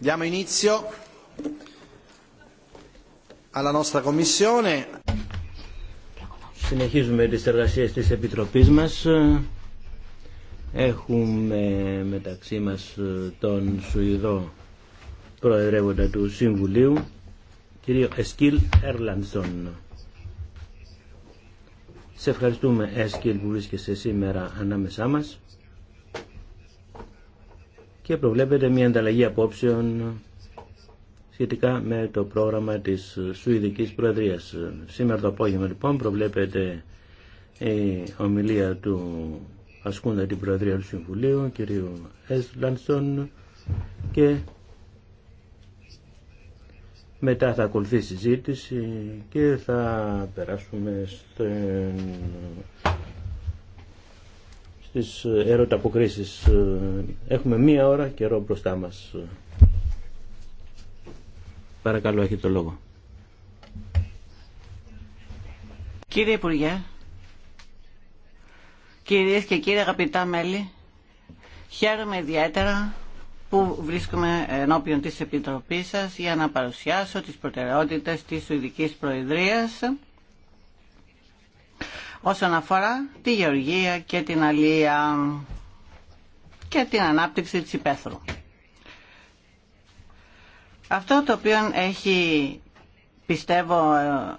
Diamo inizio alla nostra commissione. Συνεχίζουμε τις εργασίες της Επιτροπής μας. Έχουμε μεταξύ μας ε, τον Σουηδό Προεδρεύοντα του Συμβουλίου, κύριο Εσκίλ Έρλανσον. Σε ευχαριστούμε Εσκίλ που βρίσκεσαι σήμερα ανάμεσά μας και προβλέπεται μια ανταλλαγή απόψεων σχετικά με το πρόγραμμα της Σουηδικής Προεδρίας. Σήμερα το απόγευμα λοιπόν προβλέπεται η ομιλία του ασκούντα την Προεδρία του Συμβουλίου, κ. Έσλαντσον και μετά θα ακολουθεί συζήτηση και θα περάσουμε στην στις ε, έρωτα ε, Έχουμε μία ώρα καιρό μπροστά μας. Παρακαλώ, έχετε το λόγο. Κύριε Υπουργέ, κυρίες και κύριοι αγαπητά μέλη, χαίρομαι ιδιαίτερα που βρίσκομαι ενώπιον της Επιτροπής σας για να παρουσιάσω τις προτεραιότητες της Σουηδικής Προεδρίας όσον αφορά τη γεωργία και την αλία και την ανάπτυξη της υπαίθρου. Αυτό το οποίο έχει, πιστεύω, ε,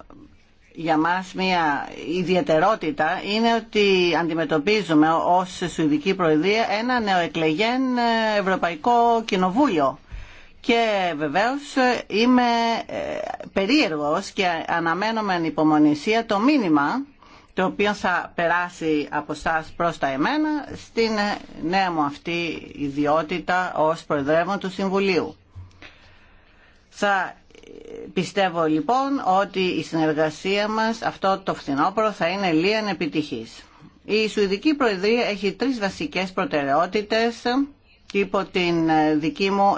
για μας μια ιδιαιτερότητα είναι ότι αντιμετωπίζουμε ως Σουηδική Προεδρία ένα νεοεκλεγέν ε, Ευρωπαϊκό Κοινοβούλιο. Και βεβαίως ε, είμαι περίεργος και αναμένω με ανυπομονησία το μήνυμα το οποίο θα περάσει από εσά προ τα εμένα στην νέα μου αυτή ιδιότητα ω Προεδρεύον του Συμβουλίου. Θα πιστεύω λοιπόν ότι η συνεργασία μας αυτό το φθινόπωρο θα είναι λίαν επιτυχής. Η Σουηδική Προεδρία έχει τρεις βασικές προτεραιότητες υπό την ε, δική μου,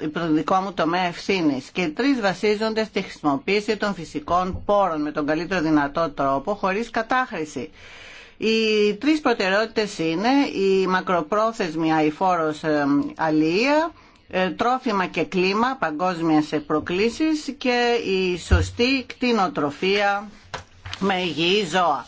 ε, υπό τον δικό μου τομέα ευθύνη. Και τρει βασίζονται στη χρησιμοποίηση των φυσικών πόρων με τον καλύτερο δυνατό τρόπο, χωρί κατάχρηση. Οι τρεις προτεραιότητες είναι η μακροπρόθεσμη αηφόρος ε, αλία, τρόφιμα και κλίμα σε προκλήσεις και η σωστή κτηνοτροφία με υγιή ζώα.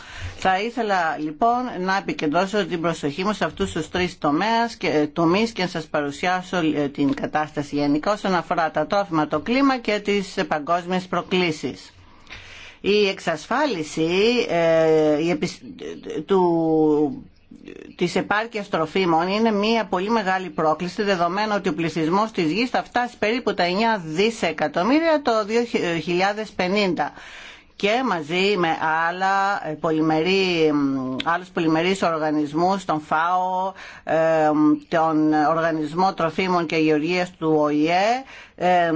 Θα ήθελα λοιπόν να επικεντρώσω την προσοχή μου σε αυτούς τους τρεις τομέας και, ε, τομείς και να σας παρουσιάσω ε, την κατάσταση γενικά όσον αφορά τα τρόφιμα, το κλίμα και τις παγκόσμιες προκλήσεις. Η εξασφάλιση ε, η του της επάρκειας τροφίμων είναι μια πολύ μεγάλη πρόκληση δεδομένου ότι ο πληθυσμός της γης θα φτάσει περίπου τα 9 δισεκατομμύρια το 2050 και μαζί με άλλα πολυμερή, άλλους πολυμερείς οργανισμούς, τον ΦΑΟ, ε, τον Οργανισμό Τροφίμων και Γεωργίας του ΟΗΕ. Ε,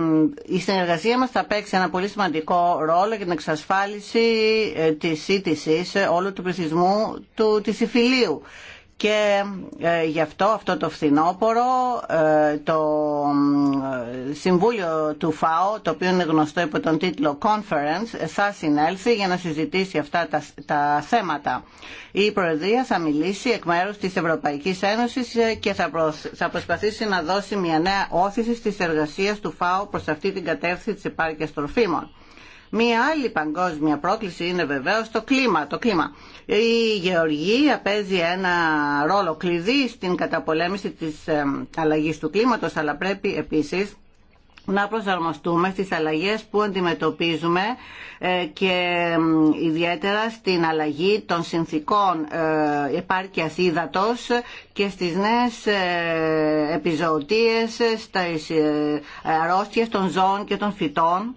η συνεργασία μας θα παίξει ένα πολύ σημαντικό ρόλο για την εξασφάλιση ε, της σύντησης όλου του πληθυσμού του, της υφηλίου και ε, γι' αυτό αυτό το φθινόπωρο ε, το ε, Συμβούλιο του ΦΑΟ το οποίο είναι γνωστό υπό τον τίτλο Conference θα συνέλθει για να συζητήσει αυτά τα, θέματα. Η Προεδρία θα μιλήσει εκ μέρους της Ευρωπαϊκής Ένωσης και θα, θα προσπαθήσει να δώσει μια νέα όθηση στις εργασίες του ΦΑΟ προς αυτή την κατεύθυνση της επάρκειας τροφίμων. Μία άλλη παγκόσμια πρόκληση είναι βεβαίω το κλίμα. Το κλίμα. Η γεωργία παίζει ένα ρόλο κλειδί στην καταπολέμηση της αλλαγής του κλίματος, αλλά πρέπει επίσης να προσαρμοστούμε στις αλλαγές που αντιμετωπίζουμε ε, και ιδιαίτερα στην αλλαγή των συνθήκων ε, επάρκειας ύδατος και στις νέες ε, επιζωοτίες, στις αρρώστιες των ζώων και των φυτών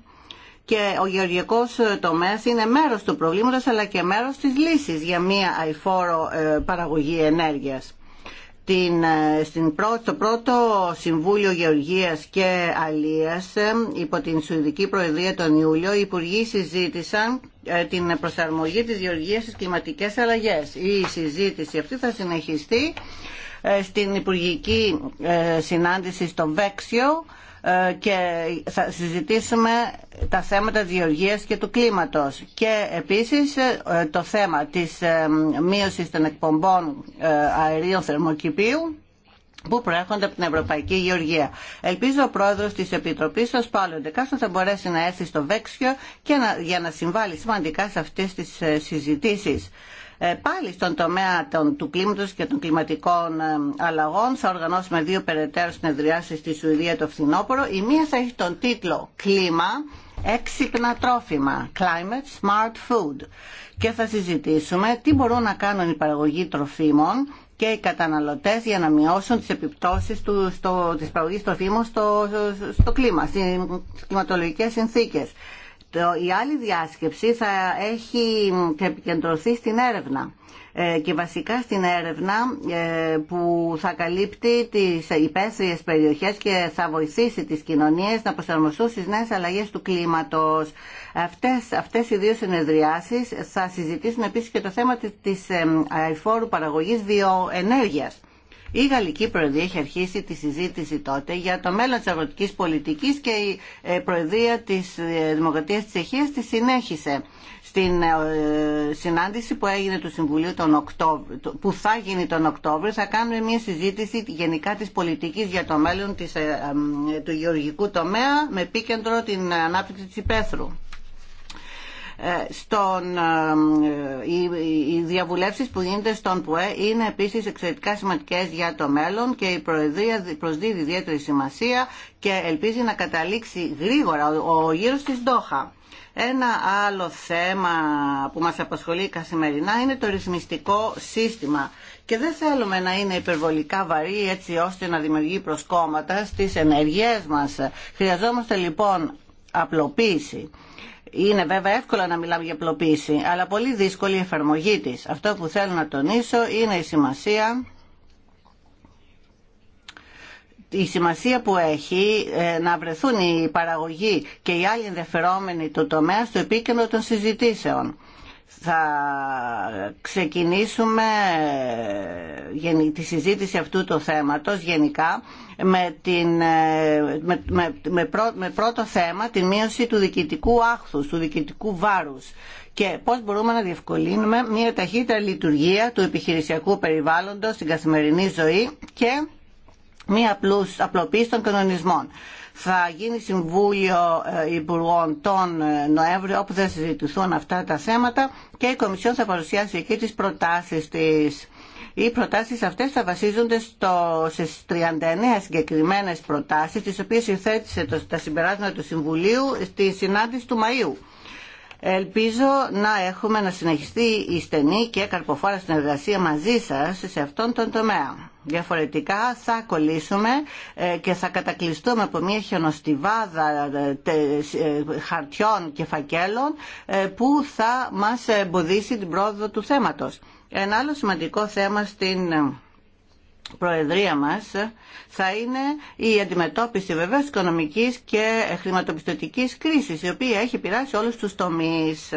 και ο γεωργικός τομέας είναι μέρος του προβλήματος αλλά και μέρος της λύσης για μία αηφόρο ε, παραγωγή ενέργειας. Την, ε, στην πρώτο, πρώτο Συμβούλιο Γεωργίας και Αλίας ε, υπό την Σουηδική Προεδρία τον Ιούλιο οι Υπουργοί συζήτησαν την προσαρμογή της γεωργίας στις κλιματικές αλλαγές. Η συζήτηση αυτή θα συνεχιστεί στην Υπουργική Συνάντηση στο Βέξιο ε, και θα συζητήσουμε τα θέματα της γεωργίας και του κλίματος και επίσης ε, το θέμα της ε, μείωσης των εκπομπών αερίων θερμοκηπίου που προέρχονται από την Ευρωπαϊκή Γεωργία. Ελπίζω ο πρόεδρο τη Επιτροπή, ο Σπάλο θα μπορέσει να έρθει στο Βέξιο και να, για να συμβάλλει σημαντικά σε αυτέ τι συζητήσει. Ε, πάλι στον τομέα των, του κλίματος και των κλιματικών ε, αλλαγών θα οργανώσουμε δύο περαιτέρω συνεδριάσεις στη Σουηδία το φθινόπωρο. Η μία θα έχει τον τίτλο «Κλίμα, έξυπνα τρόφιμα, Climate Smart Food» και θα συζητήσουμε τι μπορούν να κάνουν οι παραγωγοί τροφίμων και οι καταναλωτές για να μειώσουν τις επιπτώσεις του, στο, της παραγωγής τροφίμων στο, στο κλίμα, στις κλιματολογικές συνθήκες η άλλη διάσκεψη θα έχει επικεντρωθεί στην έρευνα ε, και βασικά στην έρευνα ε, που θα καλύπτει τις υπαίθριες περιοχές και θα βοηθήσει τις κοινωνίες να προσαρμοστούν στις νέες αλλαγές του κλίματος. Αυτές, αυτές οι δύο συνεδριάσεις θα συζητήσουν επίσης και το θέμα της ε, αηφόρου παραγωγής βιοενέργειας. Η Γαλλική Προεδρία έχει αρχίσει τη συζήτηση τότε για το μέλλον της αγροτικής πολιτικής και η ε, Προεδρία της ε, Δημοκρατίας της Τσεχίας τη συνέχισε στην ε, συνάντηση που έγινε του Συμβουλίου τον που θα γίνει τον Οκτώβριο, θα κάνουμε μια συζήτηση γενικά της πολιτικής για το μέλλον της, του γεωργικού τομέα με επίκεντρο την ανάπτυξη της υπαίθρου στον, ε, ε, οι διαβουλεύσεις που γίνονται στον ΠΟΕ είναι επίσης εξαιρετικά σημαντικές για το μέλλον και η Προεδρία προσδίδει ιδιαίτερη σημασία και ελπίζει να καταλήξει γρήγορα ο γύρος της Ντόχα. Ένα άλλο θέμα που μας απασχολεί καθημερινά είναι το ρυθμιστικό σύστημα και δεν θέλουμε να είναι υπερβολικά βαρύ έτσι ώστε να δημιουργεί προσκόμματα στις ενεργές μας. Χρειαζόμαστε λοιπόν απλοποίηση. Είναι βέβαια εύκολο να μιλάμε για απλοποίηση, αλλά πολύ δύσκολη η εφαρμογή της. Αυτό που θέλω να τονίσω είναι η σημασία η σημασία που έχει ε, να βρεθούν οι παραγωγοί και οι άλλοι ενδιαφερόμενοι του τομέα στο επίκεντρο των συζητήσεων θα ξεκινήσουμε ε, τη συζήτηση αυτού του θέματος γενικά με, την, ε, με, με, με, με πρώτο θέμα τη μείωση του διοικητικού άχθους, του διοικητικού βάρους και πώς μπορούμε να διευκολύνουμε μια ταχύτερη λειτουργία του επιχειρησιακού περιβάλλοντος στην καθημερινή ζωή και μια απλοποίηση των κανονισμών θα γίνει Συμβούλιο ε, Υπουργών τον ε, Νοέμβριο όπου θα συζητηθούν αυτά τα θέματα και η Κομισιόν θα παρουσιάσει εκεί τις προτάσεις της. Οι προτάσεις αυτές θα βασίζονται στο, στις 39 συγκεκριμένες προτάσεις τις οποίες υιοθέτησε το, τα συμπεράσματα του Συμβουλίου στη συνάντηση του Μαΐου. Ελπίζω να έχουμε να συνεχιστεί η στενή και καρποφόρα συνεργασία μαζί σας σε αυτόν τον τομέα. Διαφορετικά θα κολλήσουμε ε, και θα κατακλειστούμε από μια χιονοστιβάδα ε, ε, χαρτιών και φακέλων που θα μας εμποδίσει την πρόοδο του θέματος. Ένα άλλο σημαντικό θέμα στην Προεδρία μας θα είναι η αντιμετώπιση βεβαίως οικονομικής και χρηματοπιστωτικής κρίσης η οποία έχει πειράσει όλους τους τομείς.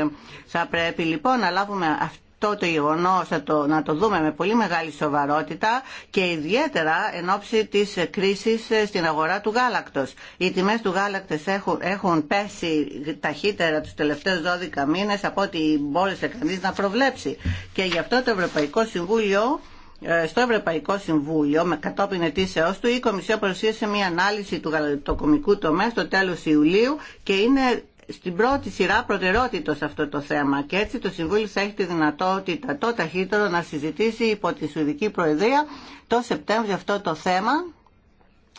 Θα πρέπει λοιπόν να λάβουμε αυτή αυτό το γεγονό να το δούμε με πολύ μεγάλη σοβαρότητα και ιδιαίτερα εν ώψη της κρίσης στην αγορά του γάλακτος. Οι τιμές του γάλακτος έχουν, πέσει ταχύτερα τους τελευταίους 12 μήνες από ό,τι μπόρεσε κανείς να προβλέψει. Και γι' αυτό το Ευρωπαϊκό Συμβούλιο ε, στο Ευρωπαϊκό Συμβούλιο, με κατόπιν ετήσεώ του, η Κομισιό παρουσίασε μια ανάλυση του γαλακτοκομικού τομέα στο τέλο Ιουλίου και είναι στην πρώτη σειρά προτεραιότητα σε αυτό το θέμα και έτσι το Συμβούλιο θα έχει τη δυνατότητα το ταχύτερο να συζητήσει υπό τη Σουηδική Προεδρία το Σεπτέμβριο αυτό το θέμα,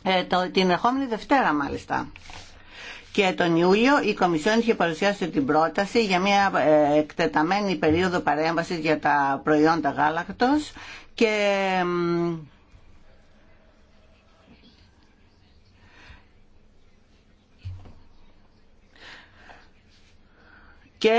ε, το, την ερχόμενη Δευτέρα μάλιστα. Και τον Ιούλιο η Κομισιόν είχε παρουσιάσει την πρόταση για μια ε, εκτεταμένη περίοδο παρέμβασης για τα προϊόντα γάλακτος και και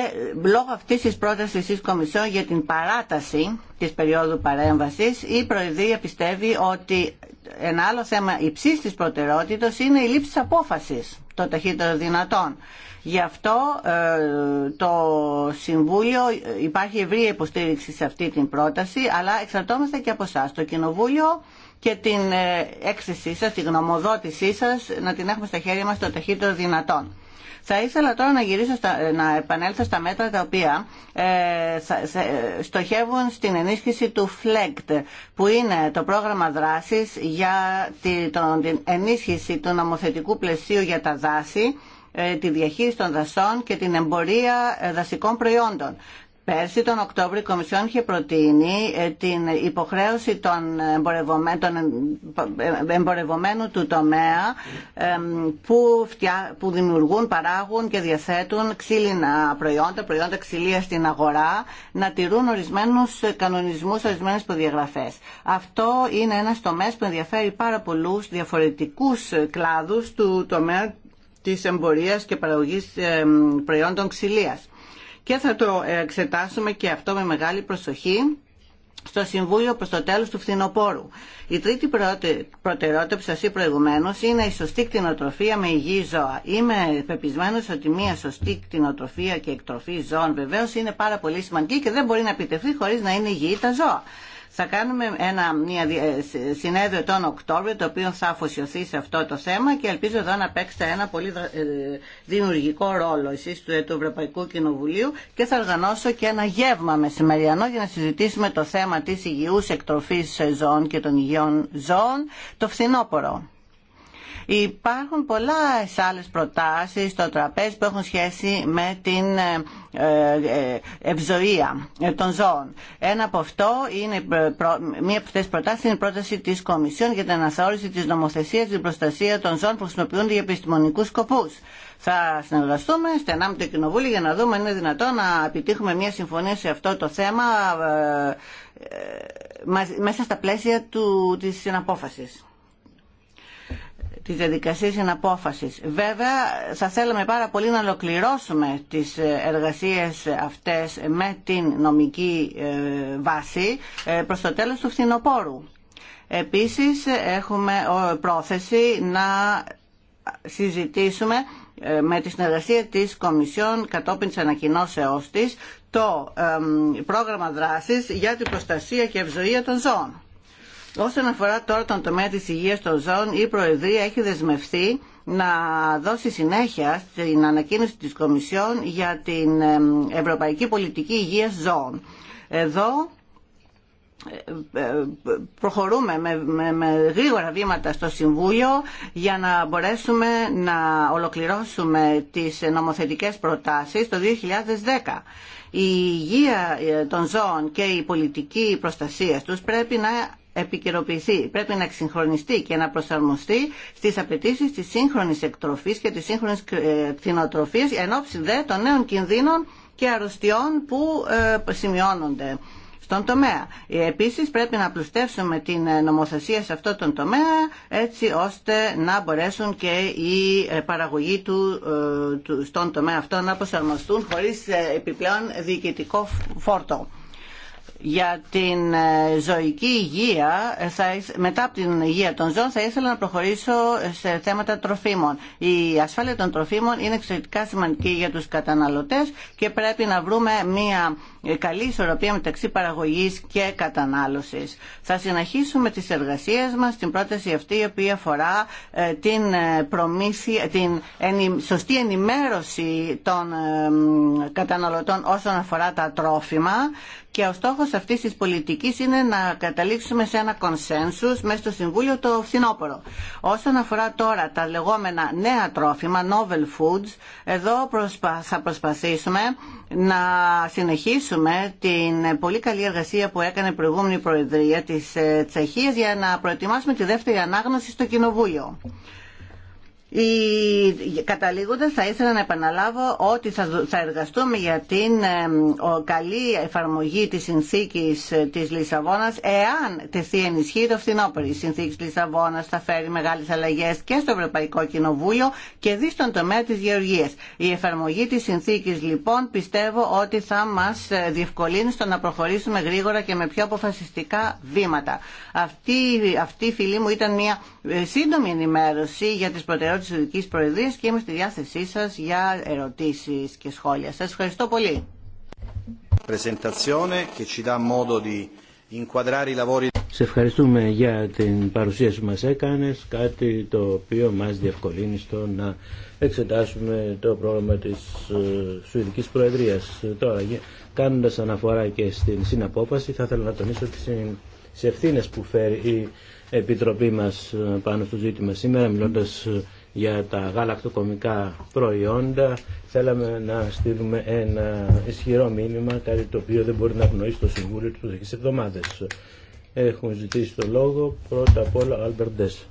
λόγω αυτής της πρότασης της Κομισιόν για την παράταση της περίοδου παρέμβασης η Προεδρία πιστεύει ότι ένα άλλο θέμα υψής της προτεραιότητας είναι η λήψη απόφασης το ταχύτερο δυνατόν. Γι' αυτό ε, το Συμβούλιο υπάρχει ευρία υποστήριξη σε αυτή την πρόταση αλλά εξαρτώμαστε και από εσά. Το Κοινοβούλιο και την ε, έξεση σας, τη γνωμοδότησή σας να την έχουμε στα χέρια μας το ταχύτερο δυνατόν. Θα ήθελα τώρα να, γυρίσω στα, ε, να επανέλθω στα μέτρα τα οποία ε, ε, στοχεύουν στην ενίσχυση του Flect, που είναι το πρόγραμμα δράσης για την ενίσχυση του νομοθετικού πλαισίου για τα δάση τη διαχείριση των δασών και την εμπορία δασικών προϊόντων. Πέρσι τον Οκτώβριο η Κομισιόν είχε προτείνει ε, την υποχρέωση των ε, εμπορευομένων, του τομέα που, που δημιουργούν, παράγουν και διαθέτουν ξύλινα προϊόντα, προϊόντα ξυλία στην αγορά, να τηρούν ορισμένους κανονισμούς, ορισμένες προδιαγραφές. Αυτό είναι ένας τομέας που ενδιαφέρει πάρα πολλούς διαφορετικούς κλάδους του τομέα της εμπορίας και παραγωγής προϊόντων ξυλίας και θα το εξετάσουμε και αυτό με μεγάλη προσοχή στο Συμβούλιο προς το τέλος του φθινοπόρου. Η τρίτη προτεραιότητα που σας είπα προηγουμένως είναι η σωστή κτηνοτροφία με υγιή ζώα. Είμαι πεπισμένος ότι μια σωστή κτηνοτροφία και εκτροφή ζώων βεβαίως είναι πάρα πολύ σημαντική και δεν μπορεί να επιτευχθεί χωρίς να είναι υγιή τα ζώα. Θα κάνουμε ένα, ε, συνέδριο τον Οκτώβριο το οποίο θα αφοσιωθεί σε αυτό το θέμα και ελπίζω εδώ να παίξετε ένα πολύ ε, δημιουργικό ρόλο εσεί του, ε, του Ευρωπαϊκού Κοινοβουλίου και θα οργανώσω και ένα γεύμα μεσημεριανό για να συζητήσουμε το θέμα της υγιού εκτροφή ζώων και των υγιών ζώων το φθινόπωρο. Υπάρχουν πολλά άλλες προτάσεις στο τραπέζι που έχουν σχέση με την ε, ε, ε, ευζοία των ζώων. Ένα από αυτό είναι, μία από αυτές προτάσεις είναι η πρόταση της Κομισιόν για την αναθεώρηση της νομοθεσίας την προστασία των ζώων που χρησιμοποιούνται για επιστημονικούς σκοπούς. Θα συνεργαστούμε στενά με το Κοινοβούλιο για να δούμε αν είναι δυνατόν να επιτύχουμε μια συμφωνία σε αυτό το θέμα μέσα στα πλαίσια του, της συναπόφασης της διαδικασίας Βέβαια, θα θέλαμε πάρα πολύ να ολοκληρώσουμε τις εργασίες αυτές με την νομική ε, βάση ε, προς το τέλος του φθινοπόρου. Επίσης, έχουμε πρόθεση να συζητήσουμε ε, με τη συνεργασία της Κομισιόν κατόπιν της ανακοινώσεώς της το πρόγραμμα δράσης για την προστασία και ευζοία των ζώων. Όσον αφορά τώρα τον τομέα της υγείας των ζώων, η Προεδρία έχει δεσμευθεί να δώσει συνέχεια στην ανακοίνωση της Κομισιόν για την Ευρωπαϊκή Πολιτική Υγείας Ζώων. Εδώ ε, ε, προχωρούμε με, με, γρήγορα βήματα στο Συμβούλιο για να μπορέσουμε να ολοκληρώσουμε τις νομοθετικές προτάσεις το 2010. Η υγεία ε, των ζώων και η πολιτική προστασία τους πρέπει να επικαιροποιηθεί. Πρέπει να εξυγχρονιστεί και να προσαρμοστεί στι απαιτήσει τη σύγχρονη εκτροφής και τη σύγχρονη ε, κτηνοτροφής εν ώψη δε των νέων κινδύνων και αρρωστιών που ε, σημειώνονται στον τομέα. Ε, επίσης πρέπει να απλουστεύσουμε την νομοθεσία σε αυτό τον τομέα έτσι ώστε να μπορέσουν και οι παραγωγοί του, στον τομέα αυτό να προσαρμοστούν χωρίς επιπλέον διοικητικό φόρτο για την ε, ζωική υγεία, ε, μετά από την υγεία των ζώων, θα ήθελα να προχωρήσω σε θέματα τροφίμων. Η ασφάλεια των τροφίμων είναι εξαιρετικά σημαντική για τους καταναλωτές και πρέπει να βρούμε μια ε, καλή ισορροπία μεταξύ παραγωγής και κατανάλωσης. Θα συνεχίσουμε τις εργασίες μας στην πρόταση αυτή η οποία αφορά την, προμήθεια, την σωστή ενημέρωση των καταναλωτών όσον αφορά τα τρόφιμα και ο στόχος αυτής της πολιτικής είναι να καταλήξουμε σε ένα κονσένσους μέσα στο Συμβούλιο το φθινόπωρο. Όσον αφορά τώρα τα λεγόμενα νέα τρόφιμα, novel foods, εδώ θα προσπαθήσουμε να συνεχίσουμε την πολύ καλή εργασία που έκανε η προηγούμενη Προεδρία της ε, Τσεχίας για να προετοιμάσουμε τη δεύτερη ανάγνωση στο Κοινοβούλιο. Καταλήγοντας θα ήθελα να επαναλάβω ότι θα εργαστούμε για την καλή εφαρμογή της συνθήκης ε, της Λισαβόνας εάν τεθεί ενισχύ το φθινόπωρο. Η συνθήκη της Λισαβόνας θα φέρει μεγάλες αλλαγές και στο Ευρωπαϊκό Κοινοβούλιο και δι στον τομέα της γεωργίας. Η εφαρμογή της συνθήκης λοιπόν πιστεύω ότι θα μας ε, διευκολύνει στο να προχωρήσουμε γρήγορα και με πιο αποφασιστικά βήματα. Αυτή, αυτή φίλη μου ήταν μια ε, σύντομη ενημέρωση για τις προτεραιότητες Τη της προεδρία και είμαι στη διάθεσή σα για ερωτήσει και σχόλια. Σα ευχαριστώ πολύ. Σε ευχαριστούμε για την παρουσίαση που μας έκανες, κάτι το οποίο μας διευκολύνει στο να εξετάσουμε το πρόγραμμα της ε, Σουηδικής Προεδρίας. Τώρα, κάνοντας αναφορά και στην συναπόφαση, θα ήθελα να τονίσω τις ευθύνε που φέρει η Επιτροπή μας ε, πάνω στο ζήτημα σήμερα, μιλώντας ε, για τα γαλακτοκομικά προϊόντα θέλαμε να στείλουμε ένα ισχυρό μήνυμα, κάτι το οποίο δεν μπορεί να γνωρίσει το Συμβούλιο τις προσεχείς εβδομάδες. Έχουν ζητήσει το λόγο πρώτα απ' όλα ο Άλμπερντες.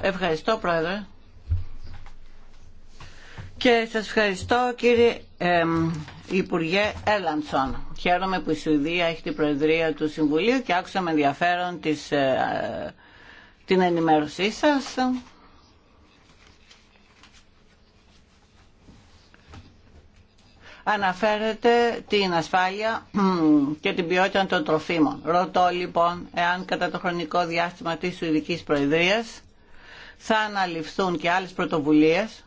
Ευχαριστώ Πρόεδρε. Και σας ευχαριστώ κύριε Υπουργέ Έλανσον. Χαίρομαι που η Σουηδία έχει την Προεδρία του Συμβουλίου και άκουσα με ενδιαφέρον της, ε, την ενημέρωσή σας. Αναφέρετε την ασφάλεια και την ποιότητα των τροφίμων. Ρωτώ λοιπόν εάν κατά το χρονικό διάστημα της Σουηδικής Προεδρίας θα αναλυφθούν και άλλες πρωτοβουλίες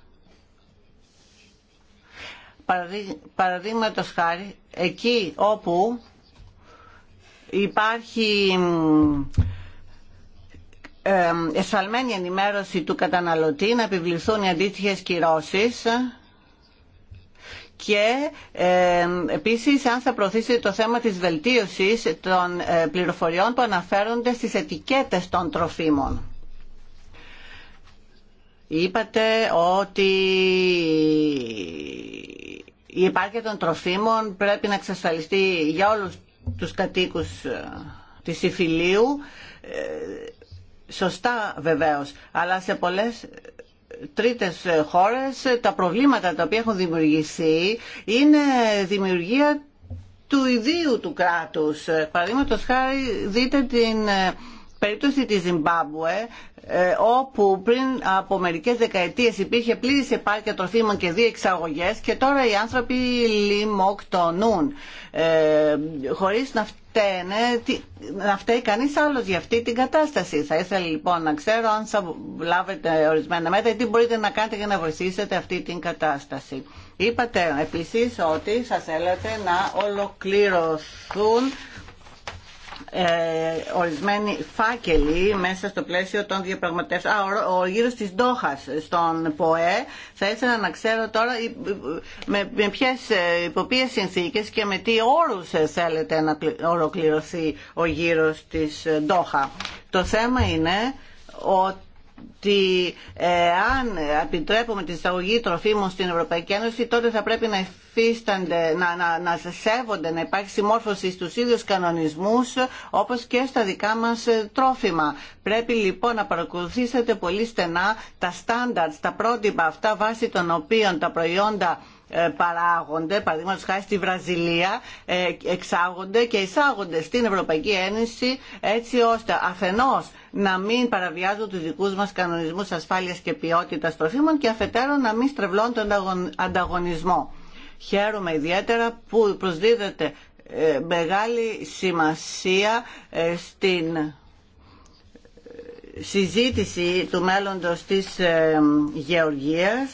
παραδείγματο χάρη εκεί όπου υπάρχει εσφαλμένη ενημέρωση του καταναλωτή να επιβληθούν οι αντίστοιχες κυρώσεις και ε, επίσης αν θα προωθήσει το θέμα της βελτίωσης των ε, πληροφοριών που αναφέρονται στις ετικέτες των τροφίμων. Είπατε ότι η επάρκεια των τροφίμων πρέπει να εξασφαλιστεί για όλους τους κατοίκους ε, της Ιφιλίου. Ε, σωστά βεβαίως, αλλά σε πολλές ε, τρίτες χώρες τα προβλήματα τα οποία έχουν δημιουργηθεί είναι δημιουργία του ιδίου του κράτους. Παραδείγματος χάρη δείτε την περίπτωση της Ζιμπάμπουε ε, όπου πριν από μερικές δεκαετίες υπήρχε πλήρης επάρκεια τροφίμων και δύο εξαγωγές και τώρα οι άνθρωποι λιμοκτονούν ε, χωρίς να φταίνε, να φταίει κανείς άλλος για αυτή την κατάσταση. Θα ήθελα λοιπόν να ξέρω αν θα λάβετε ορισμένα μέτρα ή τι μπορείτε να κάνετε για να βοηθήσετε αυτή την κατάσταση. Είπατε επίσης ότι θα θέλετε να ολοκληρωθούν ε, ορισμένοι φάκελοι μέσα στο πλαίσιο των διαπραγματεύσεων. Α, ο, γύρος της Ντόχας στον ΠΟΕ. Θα ήθελα να ξέρω τώρα με, με ποιες, ε, υπό συνθήκες και με τι όρους ε, θέλετε να ολοκληρωθεί ο γύρος της Ντόχα. Το θέμα είναι ότι ότι ε, αν επιτρέπουμε την εισαγωγή τροφίμων στην Ευρωπαϊκή Ένωση τότε θα πρέπει να υφίστανται, να, να, να σέβονται, να υπάρχει συμμόρφωση στους ίδιους κανονισμούς όπως και στα δικά μας ε, τρόφιμα. Πρέπει λοιπόν να παρακολουθήσετε πολύ στενά τα στάνταρτ, τα πρότυπα αυτά βάσει των οποίων τα προϊόντα ε, παράγονται, παραδείγματος χάρη στη Βραζιλία, ε, εξάγονται και εισάγονται στην Ευρωπαϊκή Ένωση έτσι ώστε αφενό να μην παραβιάζουν τους δικούς μας κανονισμούς ασφάλειας και ποιότητας τροφίμων και αφετέρου να μην στρεβλώνουν τον ανταγωνισμό. Χαίρομαι ιδιαίτερα που προσδίδεται ε, μεγάλη σημασία στην συζήτηση του μέλλοντος της γεωργίας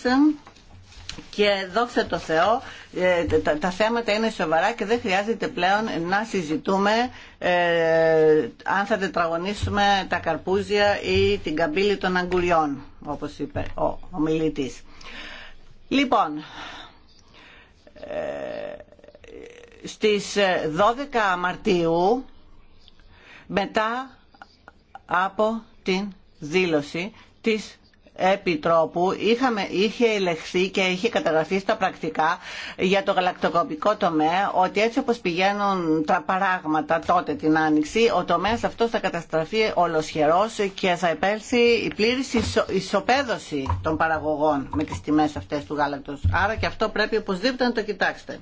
και δόξα τω Θεώ ε, τα, θέματα είναι σοβαρά και δεν χρειάζεται πλέον να συζητούμε ε, αν θα τετραγωνίσουμε τα καρπούζια ή την καμπύλη των αγκουριών όπως είπε ο ομιλητής. Λοιπόν, ε, στις 12 ε, Μαρτίου μετά από την δήλωση της Επιτρόπου είχαμε, είχε ελεχθεί και είχε καταγραφεί στα πρακτικά για το γαλακτοκοπικό τομέα ότι έτσι όπως πηγαίνουν τα παράγματα τότε την Άνοιξη ο τομέας αυτός θα καταστραφεί ολοσχερός και θα επέλθει η πλήρης ισο, ισοπαίδωση των παραγωγών με τις τιμές αυτές του γάλακτος. Άρα και αυτό πρέπει οπωσδήποτε να το κοιτάξετε.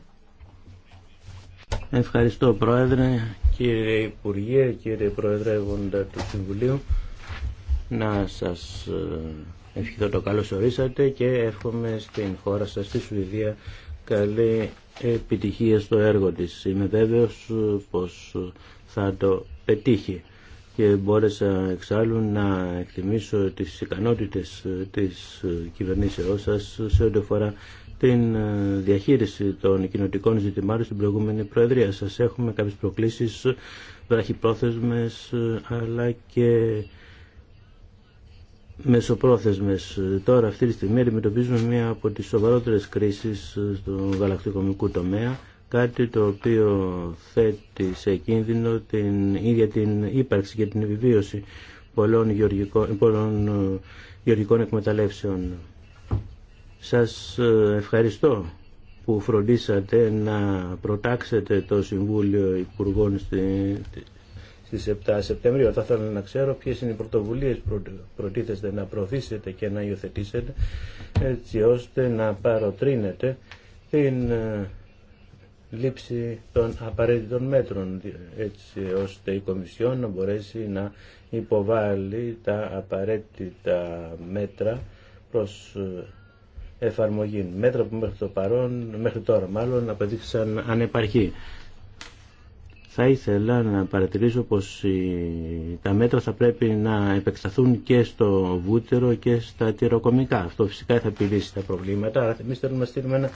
Ευχαριστώ Πρόεδρε, κύριε Υπουργέ, κύριε Προεδρεύοντα του Συμβουλίου. Να σας ε, ευχηθώ το καλώς ορίσατε και εύχομαι στην χώρα σας, στη Σουηδία, καλή επιτυχία στο έργο της. Είμαι βέβαιος πως θα το πετύχει και μπόρεσα εξάλλου να εκτιμήσω τις ικανότητες της κυβερνήσεώς σας σε ό,τι αφορά την διαχείριση των κοινωτικών ζητημάτων στην προηγούμενη Προεδρία σας. Έχουμε κάποιες προκλήσεις βραχυπρόθεσμες αλλά και μεσοπρόθεσμες. Τώρα αυτή τη στιγμή αντιμετωπίζουμε μία από τις σοβαρότερες κρίσεις ε, στον γαλακτοκομικού τομέα, κάτι το οποίο θέτει σε κίνδυνο την ίδια την ύπαρξη και την επιβίωση πολλών γεωργικών, πολλών ε, γεωργικών εκμεταλλεύσεων. Σας ε, ευχαριστώ που φροντίσατε να προτάξετε το Συμβούλιο Υπουργών στι 7 Σεπτεμβρίου. Θα ήθελα να ξέρω ποιε είναι οι πρωτοβουλίε που προτίθεστε να προωθήσετε και να υιοθετήσετε έτσι ώστε να παροτρύνετε την ε, λήψη των απαραίτητων μέτρων έτσι ώστε η Κομισιόν να μπορέσει να υποβάλει τα απαραίτητα μέτρα προς ε, εφαρμογή. Μέτρα που μέχρι, το παρόν, μέχρι τώρα μάλλον απαιτήθησαν ανεπαρκή θα ήθελα να παρατηρήσω πως τα μέτρα θα πρέπει να επεξαθούν και στο βούτυρο και στα τυροκομικά. Αυτό φυσικά θα επιλύσει τα προβλήματα, αλλά εμείς θέλουμε να στείλουμε ένα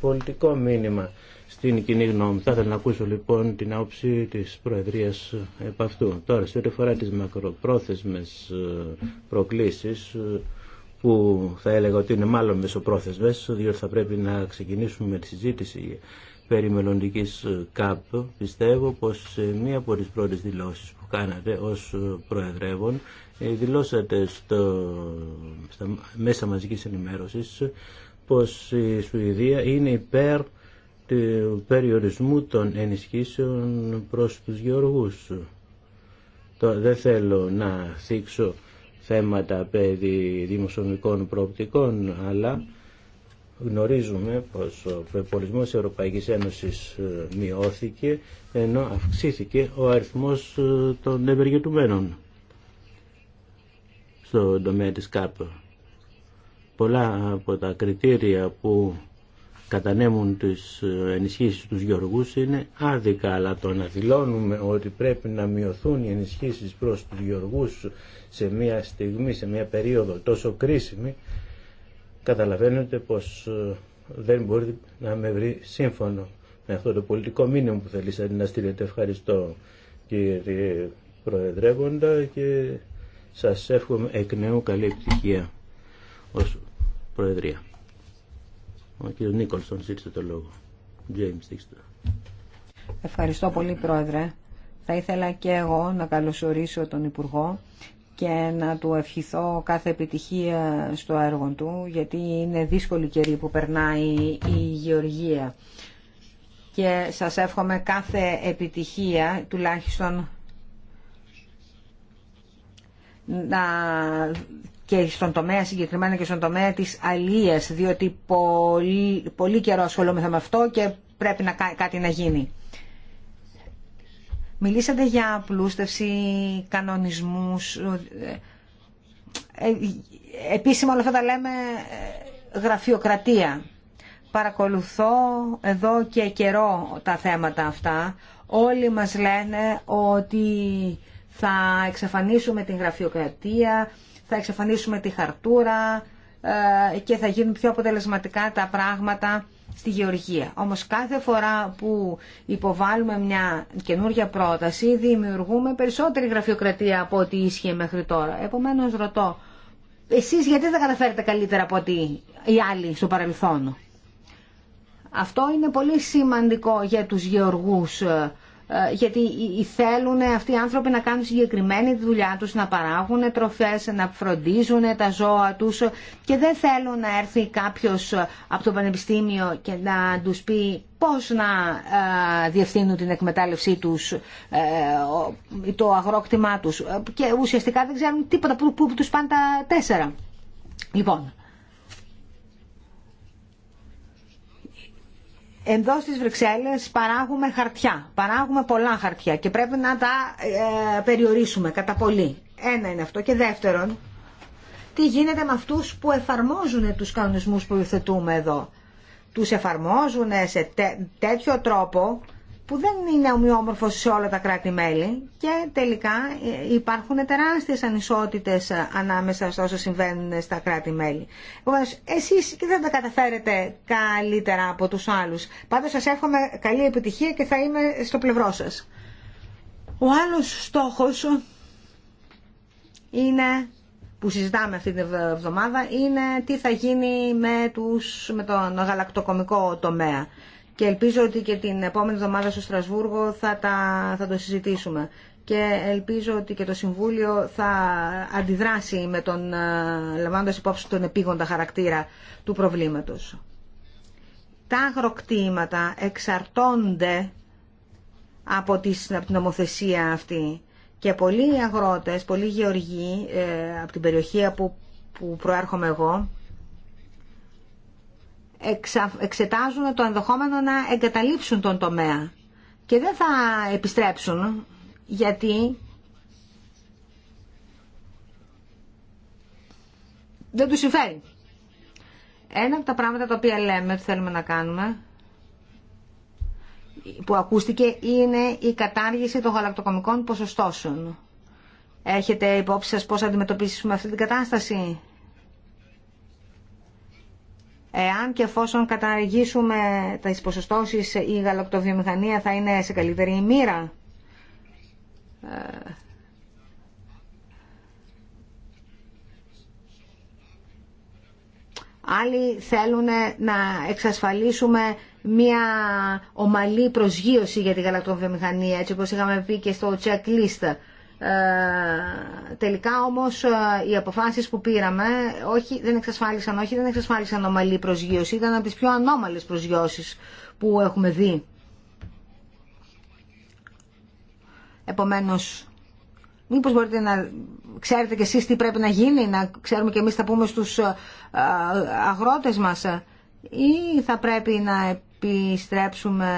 πολιτικό μήνυμα στην κοινή γνώμη. Θα ήθελα να ακούσω λοιπόν την άποψη της Προεδρίας επ' αυτού. Τώρα, σε ό,τι αφορά τις μακροπρόθεσμες ε, προκλήσεις, ε, που θα έλεγα ότι είναι μάλλον μεσοπρόθεσμες, διότι θα πρέπει να ξεκινήσουμε τη συζήτηση μελλοντικής ε, ΚΑΠ πιστεύω πως ε, μία από τις πρώτες δηλώσεις που κάνατε ως ε, Προεδρεύων δηλώσατε στο, στα μέσα μαζικής ενημέρωσης πως η Σουηδία είναι υπέρ του περιορισμού των ενισχύσεων προς τους γεωργούς. Το, δεν θέλω να θίξω θέματα περί δημοσιονομικών προοπτικών, αλλά γνωρίζουμε πως ο προπολισμός Ευρωπαϊκής Ένωσης ε, μειώθηκε ενώ αυξήθηκε ο αριθμός ε, των ευεργετουμένων στον τομέα της ΚΑΠ. Πολλά από τα κριτήρια που κατανέμουν τις ε, ενισχύσεις τους γεωργούς είναι άδικα, αλλά το να δηλώνουμε ότι πρέπει να μειωθούν οι ενισχύσεις προς τους γεωργούς σε μια στιγμή, σε μια περίοδο τόσο κρίσιμη, καταλαβαίνετε πως ε, δεν μπορεί να με βρει σύμφωνο με αυτό το πολιτικό μήνυμα που θελήσατε να στείλετε. Ευχαριστώ κύριε Προεδρεύοντα και σας εύχομαι εκ νέου καλή επιτυχία ως Προεδρία. Ο κύριος Νίκολσον ζήτησε το λόγο. James, Ευχαριστώ πολύ Πρόεδρε. Θα ήθελα και εγώ να καλωσορίσω τον Υπουργό και να του ευχηθώ κάθε επιτυχία στο έργο του, γιατί είναι δύσκολη καιρή που περνάει η γεωργία. Και σας εύχομαι κάθε επιτυχία, τουλάχιστον να και στον τομέα συγκεκριμένα και στον τομέα της αλίας, διότι πολύ, πολύ καιρό ασχολούμαι με αυτό και πρέπει να, κάτι να γίνει. Μιλήσατε για απλούστευση, κανονισμούς. Ε, ε, επίσημα όλα αυτά τα λέμε ε, γραφειοκρατία. Παρακολουθώ εδώ και καιρό τα θέματα αυτά. Όλοι μας λένε ότι θα εξαφανίσουμε την γραφειοκρατία, θα εξαφανίσουμε τη χαρτούρα και θα γίνουν πιο αποτελεσματικά τα πράγματα στη γεωργία. Όμως κάθε φορά που υποβάλλουμε μια καινούργια πρόταση δημιουργούμε περισσότερη γραφειοκρατία από ό,τι ίσχυε μέχρι τώρα. Επομένως ρωτώ, εσείς γιατί δεν καταφέρετε καλύτερα από ό,τι οι άλλοι στο παρελθόν. Αυτό είναι πολύ σημαντικό για τους γεωργούς ε, ε, γιατί θέλουν αυτοί οι άνθρωποι να κάνουν συγκεκριμένη δουλειά τους, να παράγουν τροφές, να φροντίζουν τα ζώα τους και δεν θέλουν να έρθει κάποιος από το πανεπιστήμιο και να τους πει πώς να ε, διευθύνουν την εκμετάλλευσή τους, ε, το αγρόκτημά τους και ουσιαστικά δεν ξέρουν τίποτα που, που τους πάνε τα τέσσερα. Λοιπόν, εδώ στι Βρυξέλλε παράγουμε χαρτιά, παράγουμε πολλά χαρτιά και πρέπει να τα ε, περιορίσουμε κατά πολύ. Ένα είναι αυτό. Και δεύτερον, τι γίνεται με αυτούς που εφαρμόζουν τους κανονισμούς που υιοθετούμε εδώ. Τους εφαρμόζουν σε τέτοιο τρόπο που δεν είναι ομοιόμορφος σε όλα τα κράτη-μέλη και τελικά ε, υπάρχουν τεράστιες ανισότητες ε, ανάμεσα στα όσα συμβαίνουν στα κράτη-μέλη. Επομένως, εσείς και δεν τα καταφέρετε καλύτερα από τους άλλους. Πάντως σας εύχομαι καλή επιτυχία και θα είμαι στο πλευρό σας. Ο άλλος στόχος είναι που συζητάμε αυτή την εβδομάδα είναι τι θα γίνει με, τους, με τον γαλακτοκομικό τομέα και ελπίζω ότι και την επόμενη εβδομάδα στο Στρασβούργο θα, τα, θα το συζητήσουμε. Και ελπίζω ότι και το Συμβούλιο θα αντιδράσει με τον, ε, λαμβάνοντας υπόψη τον επίγοντα χαρακτήρα του προβλήματος. Τα αγροκτήματα εξαρτώνται από, την νομοθεσία αυτή και πολλοί αγρότες, πολλοί γεωργοί ε, από την περιοχή που προέρχομαι εγώ εξετάζουν το ενδεχόμενο να εγκαταλείψουν τον τομέα και δεν θα επιστρέψουν γιατί δεν τους συμφέρει. Ένα από τα πράγματα τα οποία λέμε ότι θέλουμε να κάνουμε που ακούστηκε είναι η κατάργηση των γαλακτοκομικών ποσοστώσεων. Έχετε υπόψη σας πώς αντιμετωπίσουμε αυτή την κατάσταση Εάν και εφόσον καταργήσουμε τι ποσοστώσει, η γαλακτοβιομηχανία θα είναι σε καλύτερη μοίρα. Ε, άλλοι θέλουν να εξασφαλίσουμε μια ομαλή προσγείωση για τη γαλακτοβιομηχανία, έτσι όπως είχαμε πει και στο checklist. Ε, τελικά όμως ε, οι αποφάσεις που πήραμε όχι, δεν εξασφάλισαν, όχι δεν εξασφάλισαν ομαλή προσγείωση, ήταν από τις πιο ανώμαλες προσγειώσεις που έχουμε δει. Επομένως, μήπως μπορείτε να ξέρετε κι εσείς τι πρέπει να γίνει, να ξέρουμε κι εμείς θα πούμε στους ε, αγρότες μας ή θα πρέπει να επιστρέψουμε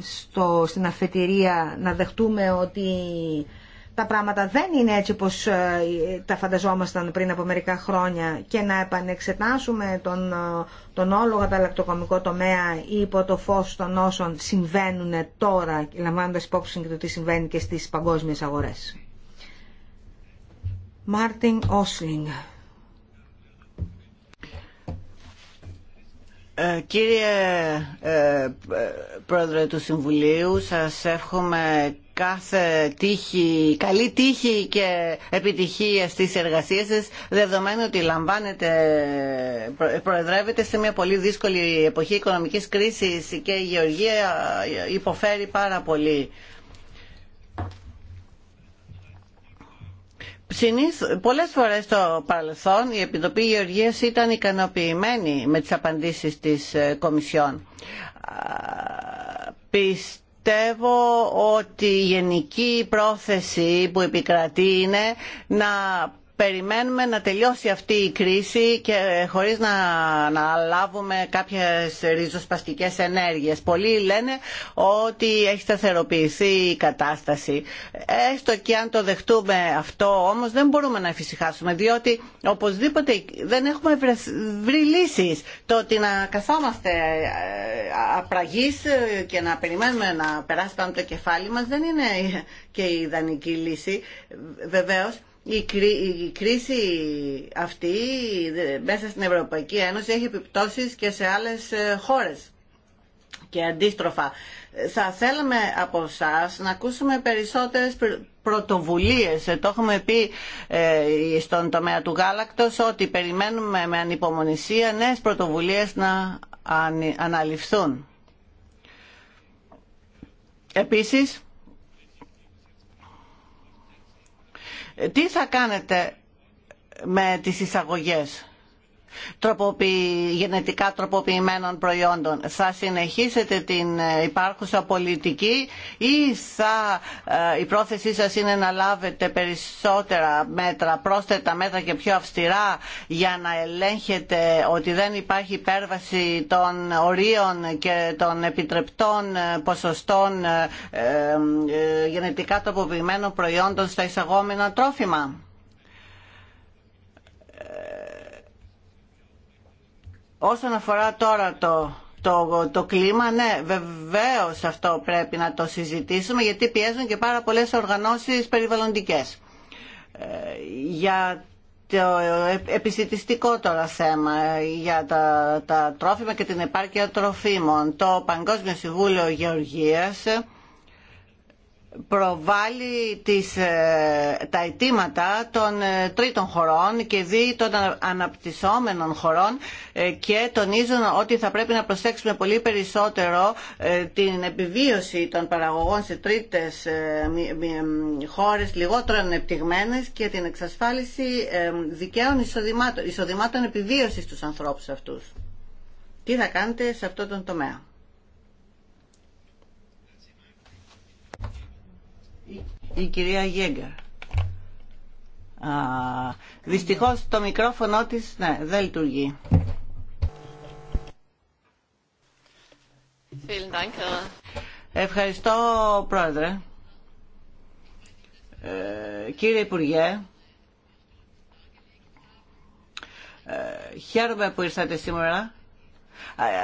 στο, στην αφετηρία να δεχτούμε ότι τα πράγματα δεν είναι έτσι όπως ε, τα φανταζόμασταν πριν από μερικά χρόνια και να επανεξετάσουμε τον, ε, τον όλο καταλακτοκομικό τομέα υπό το φως των όσων συμβαίνουν τώρα, λαμβάνοντας υπόψη και το τι συμβαίνει και στις παγκόσμιες αγορές. Μάρτιν Όσλινγκ Ε, κύριε ε, ε Πρόεδρε του Συμβουλίου, σας εύχομαι κάθε τύχη, καλή τύχη και επιτυχία στις εργασίες σας, δεδομένου ότι λαμβάνετε, προεδρεύετε σε μια πολύ δύσκολη εποχή οικονομικής κρίσης και η γεωργία ε, υποφέρει πάρα πολύ. Πολλές φορές στο παρελθόν η Επιτροπή Γεωργίας ήταν ικανοποιημένη με τις απαντήσεις της ε, Κομισιόν πιστεύω ότι η γενική πρόθεση που επικρατεί είναι να περιμένουμε να τελειώσει αυτή η κρίση και χωρίς να, να λάβουμε κάποιες ριζοσπαστικές ενέργειες. Πολλοί λένε ότι έχει σταθεροποιηθεί η κατάσταση. Έστω και αν το δεχτούμε αυτό όμως δεν μπορούμε να εφησυχάσουμε διότι οπωσδήποτε δεν έχουμε βρει λύσεις. Το ότι να καθόμαστε ε, απραγείς και να περιμένουμε να περάσει πάνω το κεφάλι μας δεν είναι και η ιδανική λύση. Βεβαίως η, κρίση αυτή μέσα στην Ευρωπαϊκή Ένωση έχει επιπτώσεις και σε άλλες ε, χώρες και αντίστροφα. Θα θέλαμε από εσά να ακούσουμε περισσότερες πρωτοβουλίες. Ε, το έχουμε πει ε, στον τομέα του γάλακτος ότι περιμένουμε με ανυπομονησία νέες πρωτοβουλίες να αναλυφθούν. Επίσης, Τι θα κάνετε με τις εισαγωγές γενετικά τροποποιημένων προϊόντων. Θα συνεχίσετε την υπάρχουσα πολιτική ή θα... Ε, η πρόθεσή σας είναι να λάβετε περισσότερα μέτρα, πρόσθετα μέτρα και πιο αυστηρά για να ελέγχετε ότι δεν υπάρχει υπέρβαση των ορίων και των επιτρεπτών ε, ποσοστών ε, γενετικά τροποποιημένων προϊόντων στα εισαγόμενα τρόφιμα. Όσον αφορά τώρα το, το, το κλίμα, ναι, βεβαίως αυτό πρέπει να το συζητήσουμε γιατί πιέζουν και πάρα πολλές οργανώσεις περιβαλλοντικές. Ε, για το επισητιστικό τώρα θέμα για τα, τα τρόφιμα και την επάρκεια τροφίμων. Το Παγκόσμιο Συμβούλιο Γεωργίας προβάλλει τις, ε, τα αιτήματα των ε, τρίτων χωρών και δι των αναπτυσσόμενων χωρών ε, και τονίζουν ότι θα πρέπει να προσέξουμε πολύ περισσότερο την επιβίωση των παραγωγών σε τρίτες χώρες λιγότερο ανεπτυγμένες και την εξασφάλιση δικαίων εισοδημάτων, εισοδημάτων επιβίωσης στους ανθρώπους αυτούς. Τι θα κάνετε σε αυτό τον τομέα. η κυρία Γέγκερ. Δυστυχώ, δυστυχώς το μικρόφωνο της ναι, δεν λειτουργεί. Ευχαριστώ πρόεδρε. Ε, κύριε Υπουργέ, ε, χαίρομαι που ήρθατε σήμερα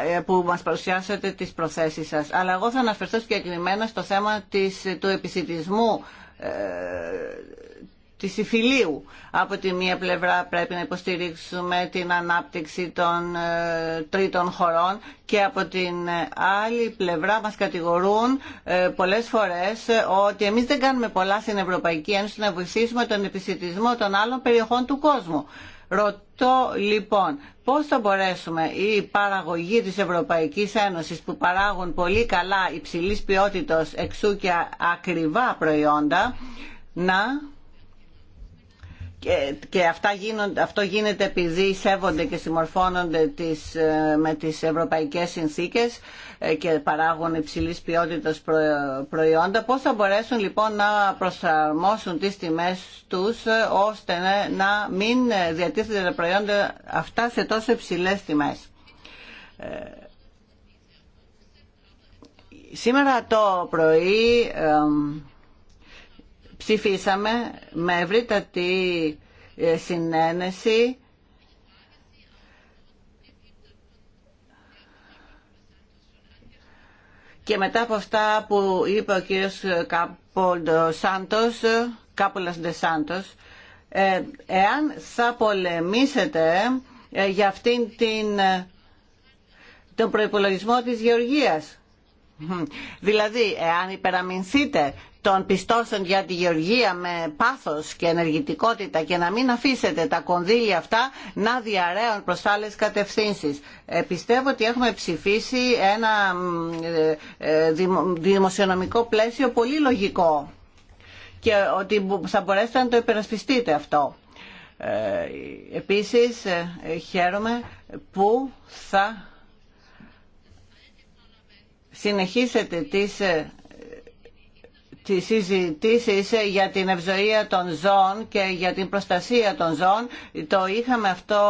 ε, ε, που μας παρουσιάσατε τις προθέσεις σας. Αλλά εγώ θα αναφερθώ συγκεκριμένα στο θέμα της, του επισητισμού Τη υφηλίου. Από τη μία πλευρά πρέπει να υποστηρίξουμε την ανάπτυξη των ε, τρίτων χωρών και από την άλλη πλευρά μας κατηγορούν ε, πολλές φορές ε, ότι εμείς δεν κάνουμε πολλά στην Ευρωπαϊκή Ένωση να βοηθήσουμε τον επισητισμό των άλλων περιοχών του κόσμου. Ρωτώ λοιπόν πώς θα μπορέσουμε η παραγωγή της Ευρωπαϊκής Ένωσης που παράγουν πολύ καλά υψηλής ποιότητας εξού και ακριβά προϊόντα να και, αυτά γίνονται, αυτό γίνεται επειδή σέβονται και συμμορφώνονται ε, με τις ευρωπαϊκές συνθήκες ε, και παράγουν υψηλής ποιότητας προϊόντα. Πώς θα μπορέσουν λοιπόν να προσαρμόσουν τις τιμές τους ε, ώστε να μην διατίθεται τα προϊόντα αυτά σε τόσο υψηλές τιμές. Σήμερα το πρωί ψηφίσαμε με ευρύτατη ε, συνένεση και μετά από αυτά που είπε ο κύριος Κάπολντο Σάντος, Κάπολας ε, εάν θα πολεμήσετε ε, για αυτήν την, τον προϋπολογισμό της Γεωργίας, Δηλαδή, εάν υπεραμεινθείτε των πιστώσεων για τη γεωργία με πάθος και ενεργητικότητα και να μην αφήσετε τα κονδύλια αυτά να διαραίουν προς άλλες κατευθύνσεις. Ε, πιστεύω ότι έχουμε ψηφίσει ένα ε, ε, δημοσιονομικό πλαίσιο πολύ λογικό και ότι θα μπορέσετε να το υπερασπιστείτε αυτό. Επίσης, χαίρομαι που θα συνεχίσετε τις τι συζητήσει για την ευζοία των ζώων και για την προστασία των ζώων. Το είχαμε, αυτό,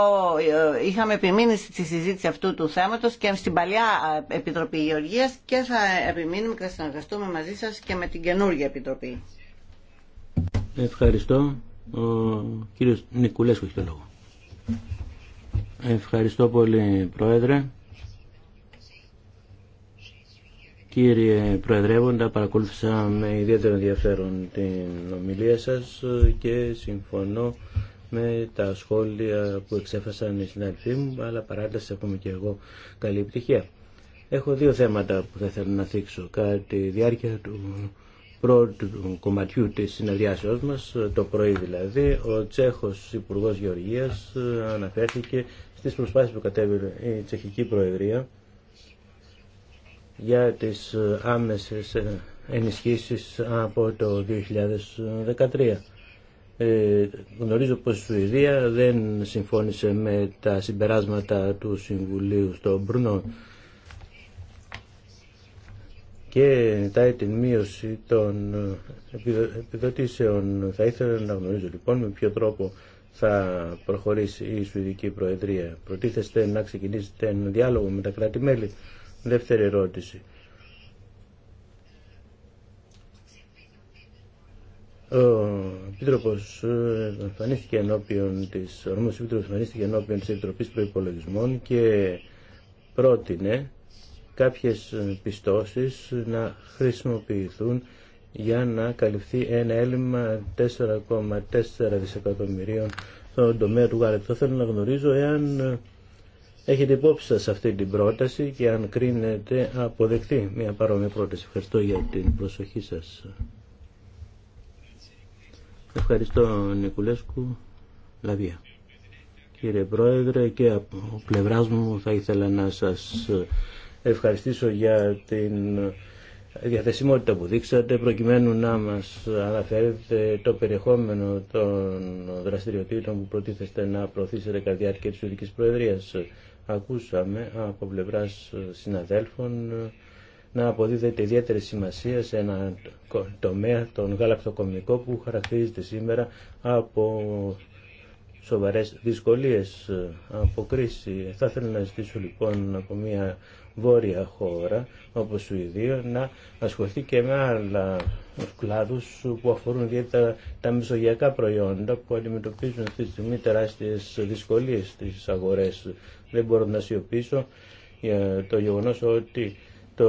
ε, είχαμε επιμείνει στη συζήτηση αυτού του θέματος και στην παλιά Επιτροπή Γεωργίας και θα επιμείνουμε και θα συνεργαστούμε μαζί σας και με την καινούργια Επιτροπή. Ευχαριστώ. Ο κύριος Νικουλέσκο έχει το λόγο. Ευχαριστώ πολύ Πρόεδρε. Κύριε Προεδρεύοντα, παρακολούθησα με ιδιαίτερο ενδιαφέρον την ομιλία σας και συμφωνώ με τα σχόλια που εξέφασαν οι συνάδελφοί μου, αλλά παράταση έχουμε και εγώ καλή επιτυχία. Έχω δύο θέματα που θα ήθελα να θίξω. Κατά τη διάρκεια του πρώτου κομματιού της συνεδριάσεώς μας, το πρωί δηλαδή, ο Τσέχος Υπουργός Γεωργίας αναφέρθηκε στις προσπάθειες που κατέβηκε η Τσεχική Προεδρία για τις ε, άμεσες ε, ενισχύσεις από το 2013. Ε, γνωρίζω πως η Σουηδία δεν συμφώνησε με τα συμπεράσματα του Συμβουλίου στο Μπρουνό και τα την μείωση των ε, επιδοτήσεων. Θα ήθελα να γνωρίζω λοιπόν με ποιο τρόπο θα προχωρήσει η Σουηδική Προεδρία. Προτίθεστε να ξεκινήσετε ένα διάλογο με τα κράτη-μέλη Δεύτερη ερώτηση. Ο Επίτροπο ε, εμφανίστηκε ενώπιον τη εμφανίστηκε ενώπιον τη Επιτροπή Προπολογισμών και πρότεινε κάποιες ε, πιστώσεις να χρησιμοποιηθούν για να καλυφθεί ένα έλλειμμα 4,4 δισεκατομμυρίων στον τομέα του Γάρετ. θέλω να γνωρίζω εάν ε, έχετε υπόψη σας αυτή την πρόταση και αν κρίνετε αποδεκτή μια παρόμοια πρόταση. Ευχαριστώ για την προσοχή σας. Ευχαριστώ Νικουλέσκου Λαβία. Κύριε Πρόεδρε και από πλευρά μου θα ήθελα να σας ευχαριστήσω για την διαθεσιμότητα που δείξατε προκειμένου να μας αναφέρετε το περιεχόμενο των δραστηριοτήτων που προτίθεστε να προωθήσετε κατά διάρκεια της Προεδρίας ακούσαμε από πλευρά ε, συναδέλφων ε, να αποδίδεται ιδιαίτερη σημασία σε ένα τομέα, τον γαλακτοκομικό, που χαρακτηρίζεται σήμερα από σοβαρές δυσκολίες, ε, από κρίση. Θα ήθελα να ζητήσω λοιπόν από μια βόρεια χώρα όπως Σουηδία να ασχοληθεί και με άλλα κλάδους που αφορούν ιδιαίτερα τα μεσογειακά προϊόντα που αντιμετωπίζουν αυτή τη στιγμή τεράστιες δυσκολίες στις αγορές. Δεν μπορώ να σιωπήσω για το γεγονός ότι το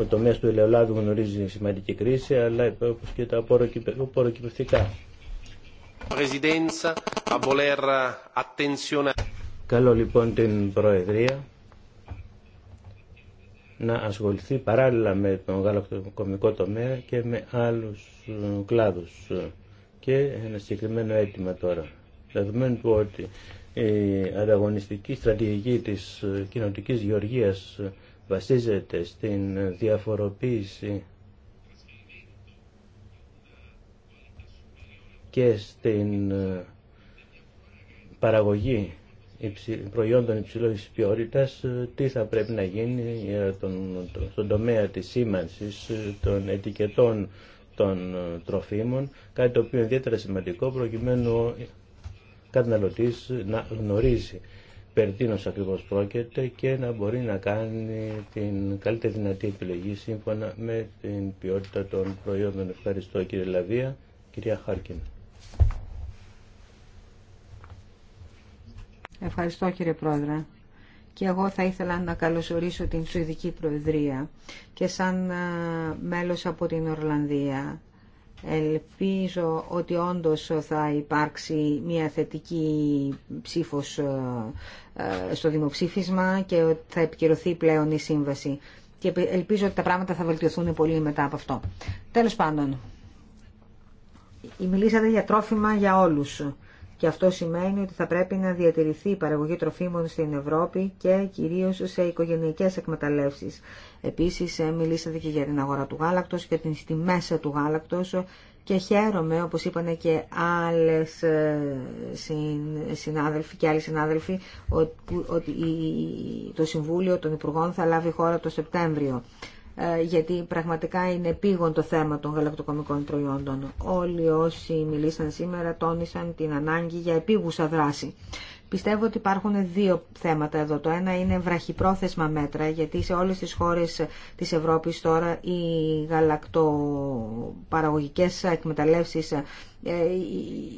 ο τομέα του ελαιολάδου γνωρίζει σημαντική κρίση, αλλά όπω και τα απορροκυπευτικά. Καλό λοιπόν την Προεδρία να ασχοληθεί παράλληλα με τον γαλακτοκομικό τομέα και με άλλους ε, κλάδους. Και ένα συγκεκριμένο αίτημα τώρα. Δεδομένου του ότι η ανταγωνιστική στρατηγική της ε, κοινωτικής γεωργίας ε, βασίζεται στην διαφοροποίηση και στην παραγωγή προϊόντων υψηλής ποιότητα, ε, τι θα πρέπει να γίνει ε, στον τομέα της σήμανσης ε, των ετικετών των τροφίμων, κάτι το οποίο είναι ιδιαίτερα σημαντικό προκειμένου ο καταναλωτής να γνωρίζει περί τίνος ακριβώς πρόκειται και να μπορεί να κάνει την καλύτερη δυνατή επιλογή σύμφωνα με την ποιότητα των προϊόντων. Ευχαριστώ κύριε Λαβία, κυρία Χάρκιν. Ευχαριστώ κύριε Πρόεδρε. Και εγώ θα ήθελα να καλωσορίσω την Σουηδική Προεδρία και σαν μέλος από την Ορλανδία ελπίζω ότι όντως θα υπάρξει μια θετική ψήφος στο δημοψήφισμα και ότι θα επικυρωθεί πλέον η σύμβαση. Και ελπίζω ότι τα πράγματα θα βελτιωθούν πολύ μετά από αυτό. Τέλος πάντων, μιλήσατε για τρόφιμα για όλους. Και αυτό σημαίνει ότι θα πρέπει να διατηρηθεί η παραγωγή τροφίμων στην Ευρώπη και κυρίως σε οικογενειακές εκμεταλλεύσεις. Επίσης ε, μιλήσατε και για την αγορά του γάλακτος και την στη μέσα του γάλακτος και χαίρομαι, όπως είπαν και άλλες ε, συνάδελφοι και άλλοι συνάδελφοι, ότι το Συμβούλιο των Υπουργών θα λάβει χώρα το Σεπτέμβριο. Ε, γιατί πραγματικά είναι επίγον το θέμα των γαλακτοκομικών προϊόντων. Όλοι όσοι μιλήσαν σήμερα τόνισαν την ανάγκη για επίγουσα δράση. Πιστεύω ότι υπάρχουν δύο θέματα εδώ. Το ένα είναι βραχυπρόθεσμα μέτρα, γιατί σε όλες τις χώρες της Ευρώπης τώρα οι γαλακτοπαραγωγικές εκμεταλλεύσεις ε,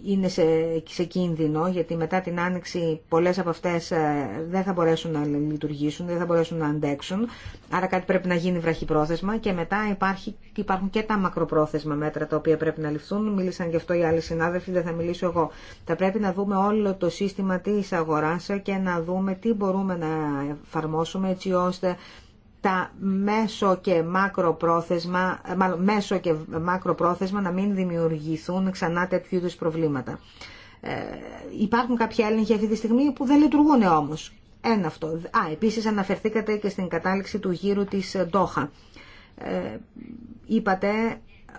είναι σε, κίνδυνο, γιατί μετά την άνοιξη πολλές από αυτές ε, δεν θα μπορέσουν να λειτουργήσουν, δεν θα μπορέσουν να αντέξουν, άρα κάτι πρέπει να γίνει βραχυπρόθεσμα και μετά υπάρχει, υπάρχουν και τα μακροπρόθεσμα μέτρα τα οποία πρέπει να ληφθούν. Μίλησαν γι' αυτό οι άλλοι συνάδελφοι, δεν θα μιλήσω εγώ. Θα πρέπει να δούμε όλο το σύστημα της αγοράς και να δούμε τι μπορούμε να εφαρμόσουμε έτσι ώστε τα μέσο και μακροπρόθεσμα, μάλλον μέσο και μακροπρόθεσμα να μην δημιουργηθούν ξανά τέτοιου είδους προβλήματα. Ε, υπάρχουν κάποια έλεγχοι αυτή τη στιγμή που δεν λειτουργούν όμως. Ένα αυτό. Α, επίσης αναφερθήκατε και στην κατάληξη του γύρου της Ντόχα. Ε, είπατε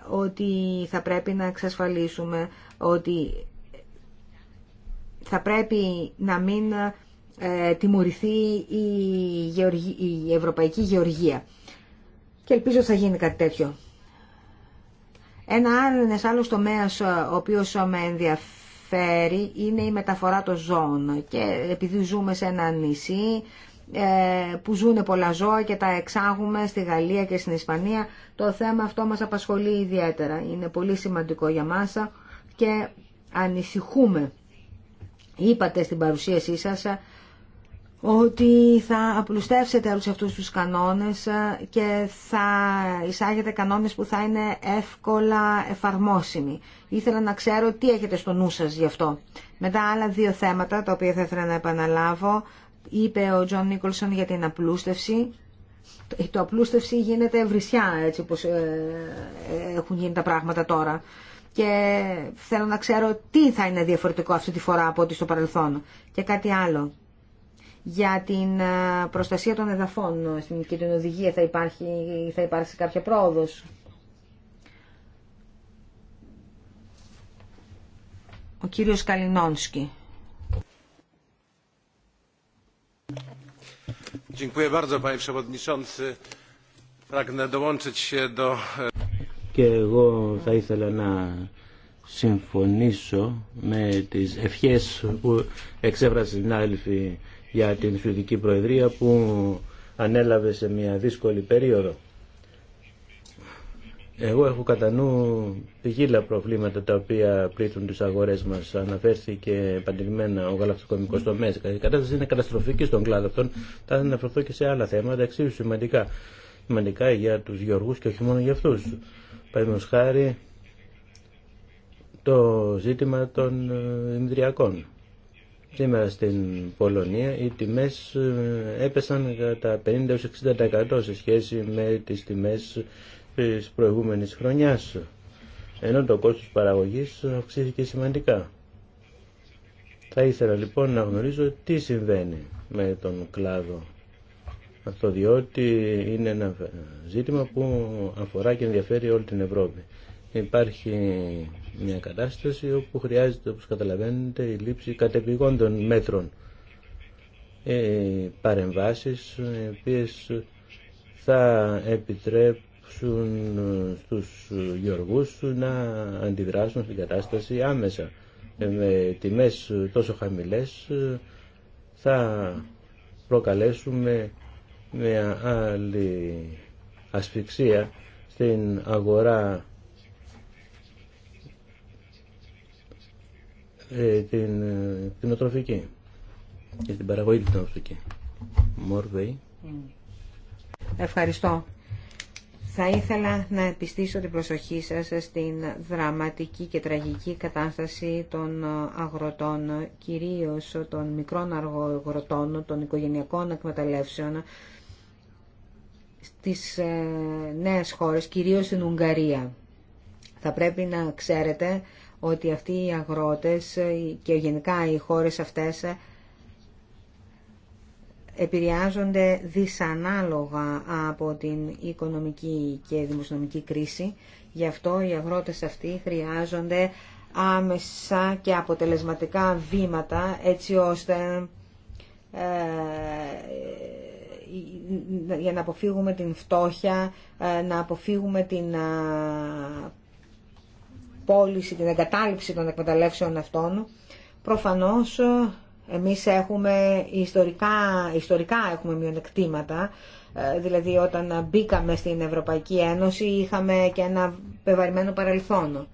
ότι θα πρέπει να εξασφαλίσουμε ότι θα πρέπει να μην ε, τιμωρηθεί η ευρωπαϊκή γεωργία. Και ελπίζω ότι θα γίνει κάτι τέτοιο. Ένα άλλο άλλος τομέας ε, ο οποίος ε, με ενδιαφέρει είναι η μεταφορά των ζώων. Και επειδή ζούμε σε ένα νησί που ζουν πολλά ζώα και τα εξάγουμε στη Γαλλία και στην Ισπανία, το θέμα αυτό μας απασχολεί ιδιαίτερα. Είναι πολύ σημαντικό για μας και ανησυχούμε. Είπατε στην παρουσίασή σας ότι θα απλουστεύσετε όλους αυτούς τους κανόνες ε, και θα εισάγετε κανόνες που θα είναι εύκολα εφαρμόσιμοι. Ήθελα να ξέρω τι έχετε στο νου σας γι' αυτό. Μετά άλλα δύο θέματα, τα οποία θα ήθελα να επαναλάβω, είπε ο Τζον Νίκολσον για την απλούστευση. Ε, το απλούστευση γίνεται βρισιά, έτσι όπως ε, έχουν γίνει τα πράγματα τώρα και θέλω να ξέρω τι θα είναι διαφορετικό αυτή τη φορά από ό,τι στο παρελθόν. Και κάτι άλλο για την ε, προστασία των εδαφών και την οδηγία θα, υπάρχει, θα υπάρξει κάποια πρόοδος. Ο κύριος Καλινόνσκι. E, και εγώ θα ήθελα να συμφωνήσω με τις ευχές που εξέφρασε την άδελφη για την Σουηδική Προεδρία που ανέλαβε σε μια δύσκολη περίοδο. Εγώ έχω κατά νου ποικίλα προβλήματα τα οποία πλήττουν τις αγορές μας. Αναφέρθηκε επανειλημμένα ο γαλακτοκομικός τομέας. Η κατάσταση είναι καταστροφική στον κλάδο αυτών. Θα αναφερθώ και σε άλλα θέματα εξίσου σημαντικά. Σημαντικά για τους γεωργούς και όχι μόνο για αυτούς. Παραδείγματος χάρη το ζήτημα των Ε, Σήμερα στην Πολωνία οι τιμές ε, έπεσαν κατά 50-60% σε σχέση με τις τιμές της προηγούμενης χρονιάς, ενώ το κόστος παραγωγής αυξήθηκε σημαντικά. Θα ήθελα λοιπόν να γνωρίζω τι συμβαίνει με τον κλάδο αυτό, διότι είναι ένα ζήτημα που αφορά και ενδιαφέρει όλη την Ευρώπη. Υπάρχει μια κατάσταση όπου χρειάζεται, όπως καταλαβαίνετε, η λήψη κατεπηγών μέτρων ε, παρεμβάσεις οι θα επιτρέψουν στους γεωργούς να αντιδράσουν στην κατάσταση άμεσα. Ε, με τιμές τόσο χαμηλές θα προκαλέσουμε μια άλλη ασφυξία στην αγορά Ε, την κτηνοτροφική ε, και την παραγωγή κτηνοτροφική. Μόρβεϊ. Ευχαριστώ. Θα ήθελα να επιστήσω την προσοχή σας στην δραματική και τραγική κατάσταση των αγροτών, κυρίως των μικρών αγροτών, των οικογενειακών εκμεταλλεύσεων στις ε, νέες χώρες, κυρίως στην Ουγγαρία. Θα πρέπει να ξέρετε ότι αυτοί οι αγρότες και γενικά οι χώρες αυτές επηρεάζονται δυσανάλογα από την οικονομική και δημοσιονομική κρίση. Γι' αυτό οι αγρότες αυτοί χρειάζονται άμεσα και αποτελεσματικά βήματα έτσι ώστε ε, για να αποφύγουμε την φτώχεια, ε, να αποφύγουμε την ε, πώληση, την εγκατάλειψη των εκμεταλλεύσεων αυτών, προφανώς ε, εμείς έχουμε ιστορικά, ιστορικά έχουμε μειονεκτήματα, ε, δηλαδή όταν μπήκαμε στην Ευρωπαϊκή Ένωση είχαμε και ένα πεβαρημένο παρελθόν.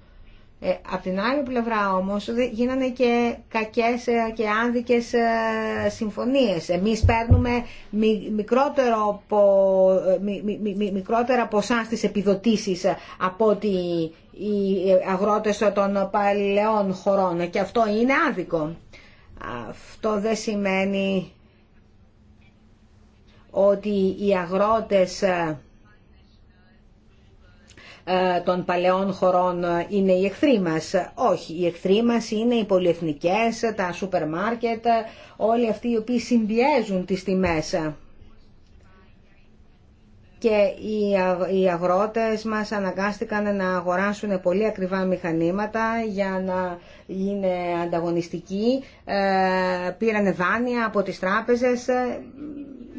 Ε, απ' την άλλη πλευρά όμως γίνανε και κακές ε, και άνδικες ε, συμφωνίες. Εμείς παίρνουμε μικρότερο, ε, μικρότερα ποσά στις επιδοτήσεις από ότι οι αγρότες των παλαιών χωρών και αυτό είναι άδικο. Αυτό δεν σημαίνει ότι οι αγρότες ε, των παλαιών χωρών ε, είναι οι εχθροί μας. Όχι, οι εχθροί μας είναι οι πολυεθνικές, τα σούπερ μάρκετ, ε, όλοι αυτοί οι οποίοι συμπιέζουν τις τιμές. Και οι αγρότες μας αναγκάστηκαν να αγοράσουν πολύ ακριβά μηχανήματα για να είναι ανταγωνιστικοί. Πήραν δάνεια από τις τράπεζες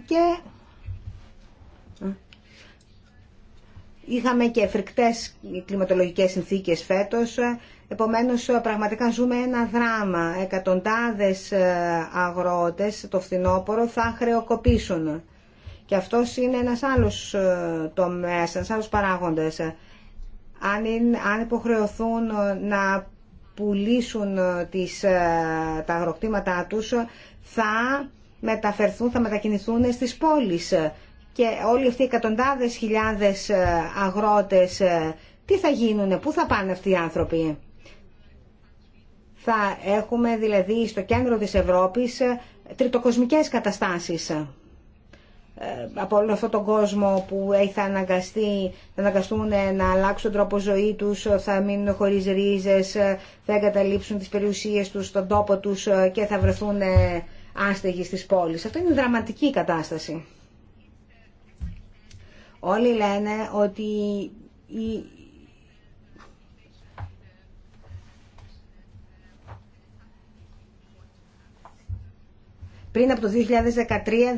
και Είχαμε και φρικτές κλιματολογικές συνθήκες φέτος, επομένως πραγματικά ζούμε ένα δράμα. Εκατοντάδες ε, αγρότες το φθινόπωρο θα χρεοκοπήσουν. Και αυτό είναι ένας άλλος ε, τομέας, ένας άλλος παράγοντας. Αν, αν υποχρεωθούν ε, να πουλήσουν τις, τα αγροκτήματά τους, θα μεταφερθούν, θα μετακινηθούν στις πόλεις και όλοι αυτοί οι εκατοντάδες χιλιάδες ε, αγρότες ε, τι θα γίνουνε, πού θα πάνε αυτοί οι άνθρωποι. Θα έχουμε δηλαδή στο κέντρο της Ευρώπης ε, τριτοκοσμικές καταστάσεις από όλο αυτόν τον κόσμο που θα, αναγκαστεί, θα αναγκαστούν να αλλάξουν τον τρόπο να αλλαξουν τροπο ζωη τους, θα μείνουν χωρίς ρίζες, θα εγκαταλείψουν τις περιουσίες τους, στον τόπο τους και θα βρεθούν άστεγοι στις πόλεις. Αυτό είναι δραματική κατάσταση. Όλοι λένε ότι η, πριν από το 2013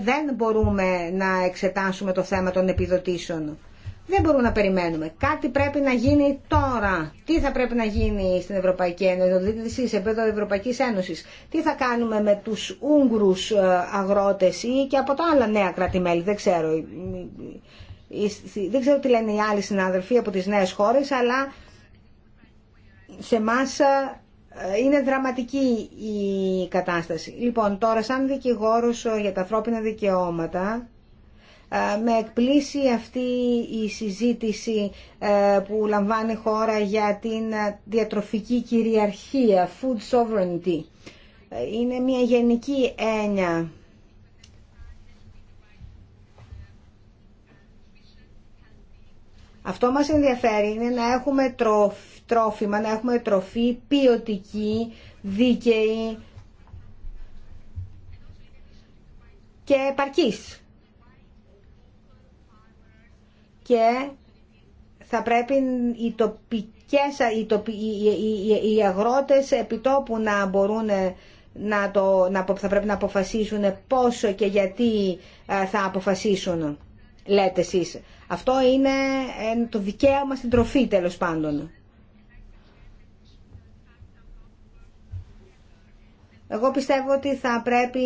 δεν μπορούμε να εξετάσουμε το θέμα των επιδοτήσεων. Δεν μπορούμε να περιμένουμε. Κάτι πρέπει να γίνει τώρα. Τι θα πρέπει να γίνει στην Ευρωπαϊκή Ένωση, σε επίπεδο Ευρωπαϊκής Ένωσης. Τι θα κάνουμε με τους Ούγγρους ε, αγρότες ή και από τα άλλα νέα κράτη-μέλη. Δεν ξέρω δεν ξέρω τι λένε οι άλλοι συναδελφοί από τις νέες χώρες, αλλά σε εμά ε, είναι δραματική η κατάσταση. Λοιπόν, τώρα σαν δικηγόρος ε, για τα ανθρώπινα δικαιώματα, ε, με εκπλήσει αυτή η συζήτηση που λαμβάνει χώρα για την διατροφική κυριαρχία, food sovereignty. Είναι μια γενική έννοια Αυτό μας ενδιαφέρει είναι να έχουμε τρόφιμα, να έχουμε τροφή ποιοτική, δίκαιη και επαρκής. Και θα πρέπει οι τοπικές, οι, τοπι, οι, οι, αγρότες επιτόπου να μπορούν να το, να, θα πρέπει να αποφασίσουν πόσο και γιατί ε, θα αποφασίσουν, λέτε εσείς. Αυτό είναι ε, το δικαίωμα στην τροφή τέλος πάντων. Εγώ πιστεύω ότι θα πρέπει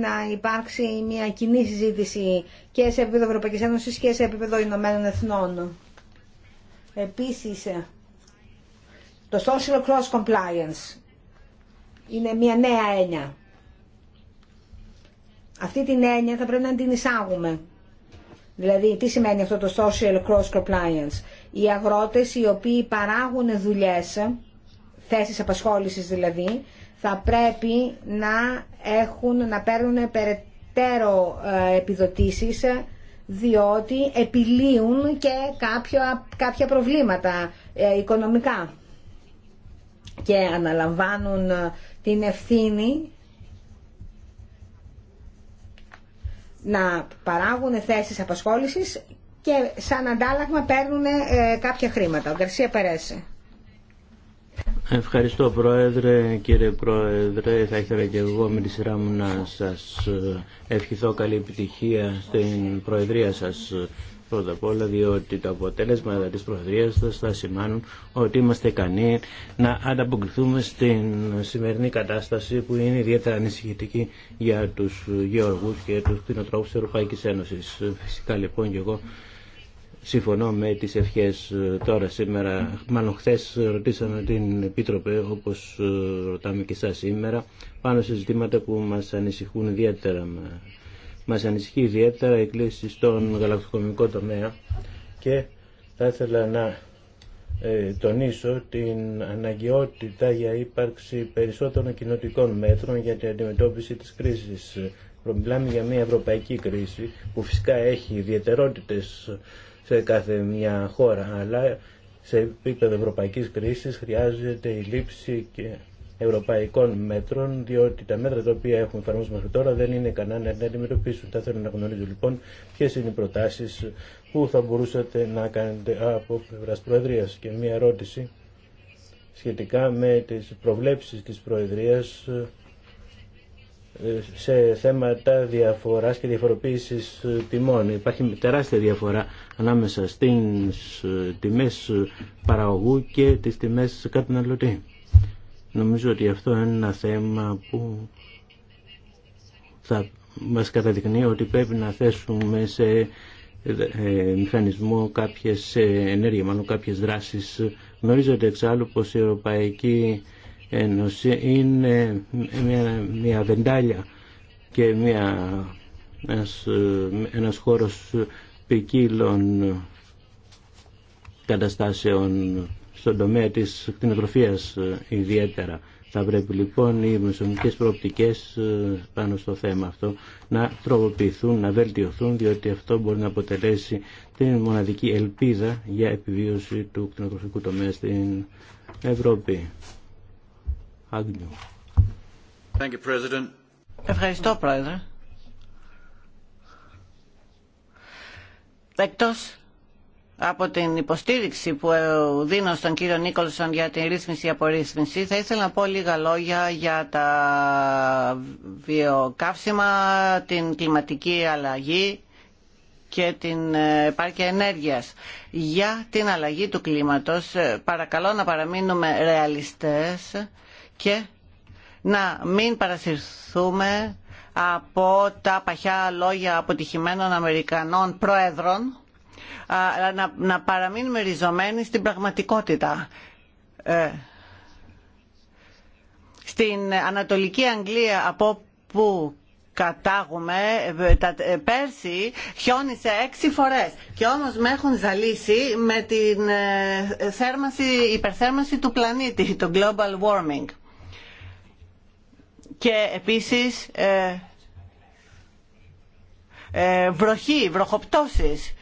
να υπάρξει μια κοινή συζήτηση και σε επίπεδο Ευρωπαϊκής Ένωσης και σε επίπεδο Ηνωμένων Εθνών. Επίσης, ε, το social cross compliance είναι μια νέα έννοια. Αυτή την έννοια θα πρέπει να την εισάγουμε. Δηλαδή, τι σημαίνει αυτό το social cross compliance. Οι αγρότες οι οποίοι παράγουν δουλειές, θέσεις απασχόλησης δηλαδή, θα πρέπει να έχουν, να παίρνουν περαιτέρω ε, επιδοτήσεις, διότι επιλύουν και κάποια, κάποια προβλήματα ε, οικονομικά και αναλαμβάνουν ε, την ευθύνη να παράγουν θέσεις απασχόλησης και σαν αντάλλαγμα παίρνουν ε, κάποια χρήματα. Ο Γκαρσία Περέσε. Ευχαριστώ Πρόεδρε. Κύριε Πρόεδρε, θα ήθελα και εγώ με τη σειρά μου να σας ευχηθώ καλή επιτυχία στην Προεδρία σας. Πρώτα απ' όλα διότι τα τη της Προεδρίας θα σημάνουν ότι είμαστε ικανοί να ανταποκριθούμε στην σημερινή κατάσταση που είναι ιδιαίτερα ανησυχητική για τους γεωργούς και τους κτηνοτρόφους της Ευρωπαϊκή Ένωσης. Φυσικά λοιπόν και εγώ συμφωνώ με τις ευχές ε, τώρα σήμερα. Μάλλον χθε ρωτήσαμε την Επίτροπε, όπως ε, ρωτάμε και εσάς σήμερα, πάνω σε ζητήματα που μας ανησυχούν ιδιαίτερα μας ανησυχεί ιδιαίτερα η κλίση στον γαλακτοκομικό τομέα και θα ήθελα να ε, τονίσω την αναγκαιότητα για ύπαρξη περισσότερων κοινοτικών μέτρων για την αντιμετώπιση της κρίσης. Μιλάμε για μια ευρωπαϊκή κρίση που φυσικά έχει ιδιαιτερότητες σε κάθε μια χώρα, αλλά σε επίπεδο ευρωπαϊκής κρίσης χρειάζεται η λήψη και ευρωπαϊκών μέτρων, διότι τα μέτρα τα οποία έχουν εφαρμόσει μέχρι τώρα δεν είναι ικανά να αντιμετωπίσουν. Θα θέλω να γνωρίζω λοιπόν ποιε είναι οι προτάσει που θα μπορούσατε να κάνετε από πλευρά Προεδρία. Και μία ερώτηση σχετικά με τις προβλέψεις της Προεδρίας ε, σε θέματα διαφοράς και διαφοροποίησης ε, τιμών. Υπάρχει τεράστια διαφορά ανάμεσα στις ε, τιμές παραγωγού και τις τιμές καταναλωτή. Νομίζω ότι αυτό είναι ένα θέμα που θα μας καταδεικνύει ότι πρέπει να θέσουμε σε ε, μηχανισμό κάποιες ε, ενέργειες, μάλλον κάποιες δράσεις. Γνωρίζετε εξάλλου πως η Ευρωπαϊκή Ένωση είναι μια, μια βεντάλια και μια, ένας, ένας χώρος ποικίλων καταστάσεων στον τομέα της κτηνοτροφίας ε, ιδιαίτερα. Θα πρέπει λοιπόν οι μεσονομικέ προοπτικές ε, πάνω στο θέμα αυτό να τροποποιηθούν, να βελτιωθούν, διότι αυτό μπορεί να αποτελέσει την μοναδική ελπίδα για επιβίωση του κτηνοτροφικού τομέα στην Ευρώπη. Thank you, President. Ευχαριστώ, Πρόεδρε. Εκτός από την υποστήριξη που ε, δίνω στον κύριο Νίκολσον για την ρύθμιση απορρίθμιση. Θα ήθελα να πω λίγα λόγια για τα βιοκαύσιμα, την κλιματική αλλαγή και την ε, επάρκεια ενέργειας. Για την αλλαγή του κλίματος ε, παρακαλώ να παραμείνουμε ρεαλιστές και να μην παρασυρθούμε από τα παχιά λόγια αποτυχημένων Αμερικανών Προέδρων αλλά να παραμείνουμε ριζωμένοι στην πραγματικότητα. Ε, στην Ανατολική Αγγλία από που κατάγουμε ε, ε, πέρσι χιόνισε έξι φορές και όμως με έχουν ζαλίσει με την θέρμανση, υπερθέρμανση του πλανήτη, το global warming. Και επίσης ε, βροχή, βροχοπτώσεις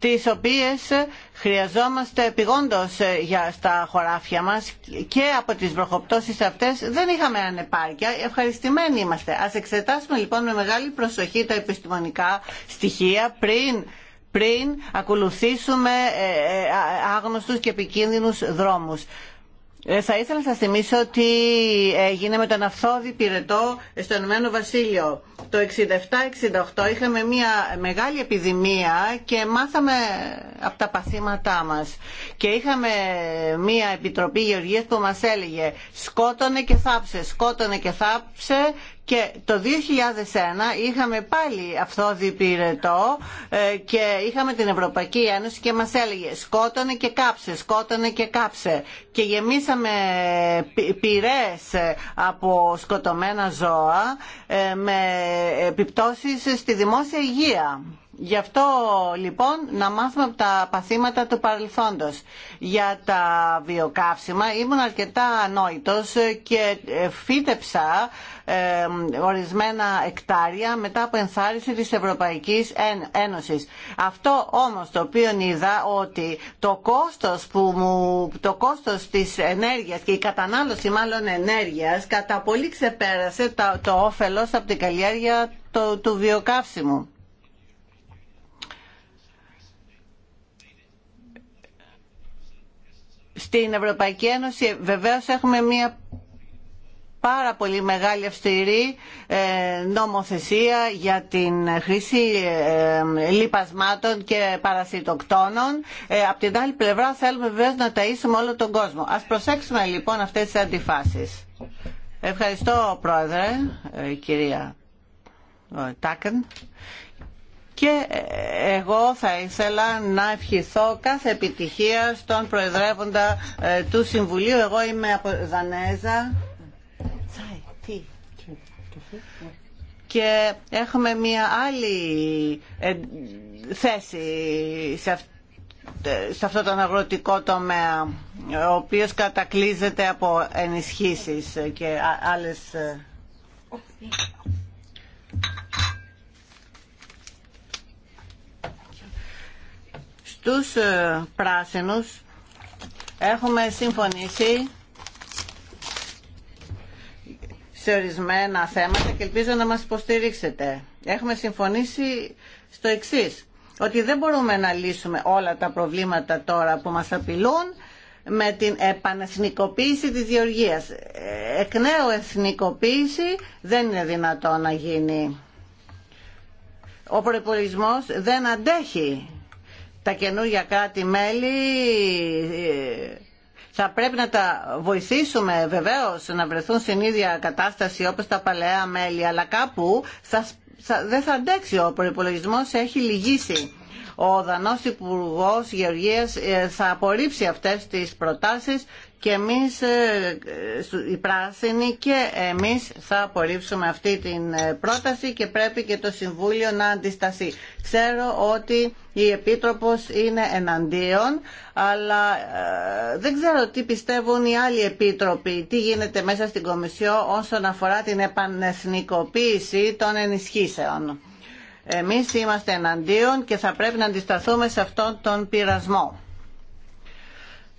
τις οποίες χρειαζόμαστε επιγόντως ε, για στα χωράφια μας και από τις βροχοπτώσεις αυτές δεν είχαμε ανεπάρκεια, ευχαριστημένοι είμαστε. Ας εξετάσουμε λοιπόν με μεγάλη προσοχή τα επιστημονικά στοιχεία πριν, πριν ακολουθήσουμε ε, ε, άγνωστους και επικίνδυνους δρόμους. Ε, θα ήθελα να σας θυμίσω ότι έγινε με τον αυθόδη πυρετό στο Ηνωμένο Βασίλειο. Το 67-68 είχαμε μια μεγάλη επιδημία και μάθαμε από τα παθήματά μας. Και είχαμε μια επιτροπή γεωργίας που μας έλεγε σκότωνε και θάψε, σκότωνε και θάψε και το 2001 είχαμε πάλι αυτό ε, και είχαμε την Ευρωπαϊκή Ένωση και μας έλεγε σκότωνε και κάψε, σκότωνε και κάψε και γεμίσαμε πυρές ε, από σκοτωμένα ζώα ε, με επιπτώσεις στη δημόσια υγεία. Γι' αυτό λοιπόν να μάθουμε από τα παθήματα του παρελθόντος. Για τα βιοκαύσιμα ήμουν αρκετά ανόητος και ε, φύτεψα ε, ορισμένα εκτάρια μετά από ενθάρρυνση της Ευρωπαϊκής Ένωσης. Αυτό όμως το οποίο είδα ότι το κόστος, που μου, το κόστος της ενέργειας και η κατανάλωση μάλλον ενέργειας κατά πολύ ξεπέρασε το, όφελος από την καλλιέργεια του, του βιοκαύσιμου. στην Ευρωπαϊκή Ένωση βεβαίως έχουμε μια πάρα πολύ μεγάλη αυστηρή ε, νομοθεσία για την χρήση ε, λιπασμάτων και παρασιτοκτόνων. Ε, Από την άλλη πλευρά θέλουμε βεβαίως να ταΐσουμε όλο τον κόσμο. Ας προσέξουμε λοιπόν αυτές τις αντιφάσεις. Ευχαριστώ πρόεδρε, κυρία Τάκεν και ε, εγώ θα ήθελα να ευχηθώ κάθε επιτυχία στον Προεδρεύοντα ε, του Συμβουλίου. Εγώ είμαι από Δανέζα και έχουμε μια άλλη ε, θέση σε αυτή σε αυτό τον αγροτικό τομέα ο οποίος κατακλείζεται από ενισχύσεις και άλλες στους ε, πράσινους έχουμε συμφωνήσει σε ορισμένα θέματα και ελπίζω να μας υποστηρίξετε. Έχουμε συμφωνήσει στο εξής, ότι δεν μπορούμε να λύσουμε όλα τα προβλήματα τώρα που μας απειλούν με την επανεθνικοποίηση της γεωργίας. Εκ νέου εθνικοποίηση δεν είναι δυνατό να γίνει. Ο προπολογισμό δεν αντέχει τα καινούργια κράτη-μέλη ε, θα πρέπει να τα βοηθήσουμε βεβαίως να βρεθούν στην ίδια κατάσταση όπως τα παλαιά μέλη, αλλά κάπου θα, θα, δεν θα αντέξει ο προπολογισμό έχει λυγίσει. Ο Δανός Υπουργός Γεωργίας ε, θα απορρίψει αυτές τις προτάσεις και εμείς ε, οι πράσινοι και εμείς θα απορρίψουμε αυτή την ε, πρόταση και πρέπει και το Συμβούλιο να αντισταθεί. Ξέρω ότι η Επίτροπος είναι εναντίον, αλλά ε, δεν ξέρω τι πιστεύουν οι άλλοι Επίτροποι, τι γίνεται μέσα στην Κομισιό όσον αφορά την επανεθνικοποίηση των ενισχύσεων. Εμείς είμαστε εναντίον και θα πρέπει να αντισταθούμε σε αυτόν τον πειρασμό.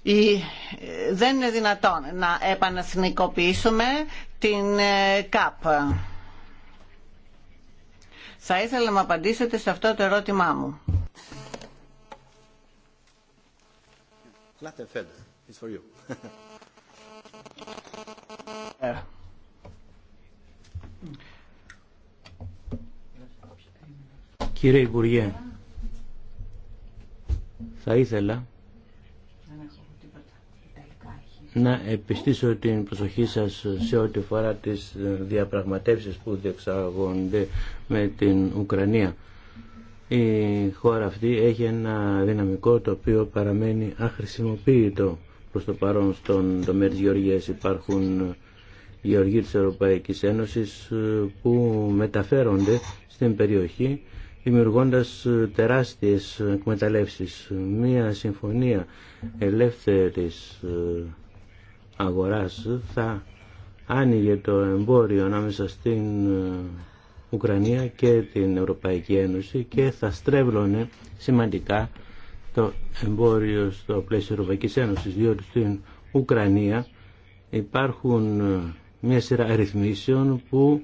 Ε, δεν είναι δυνατόν να επαναθνικοποιήσουμε την ε, ΚΑΠ. Θα ήθελα να μου απαντήσετε σε αυτό το ερώτημά μου. Ε. Κύριε Υπουργέ, θα ήθελα να επιστήσω την προσοχή σας σε ό,τι φορά τις διαπραγματεύσεις που διεξαγόνται με την Ουκρανία. Η χώρα αυτή έχει ένα δυναμικό το οποίο παραμένει αχρησιμοποιητό προς το παρόν στον τομέα της Γεωργίας. Υπάρχουν γεωργοί της Ευρωπαϊκής Ένωσης ε, που μεταφέρονται στην περιοχή δημιουργώντας ε, τεράστιες εκμεταλλεύσεις. Μία συμφωνία ελεύθερης ε, αγοράς θα άνοιγε το εμπόριο ανάμεσα στην ε, Ουκρανία και την Ευρωπαϊκή Ένωση και θα στρέβλωνε σημαντικά το εμπόριο στο πλαίσιο Ευρωπαϊκής Ένωσης διότι στην Ουκρανία υπάρχουν ε, μια σειρά αριθμίσεων που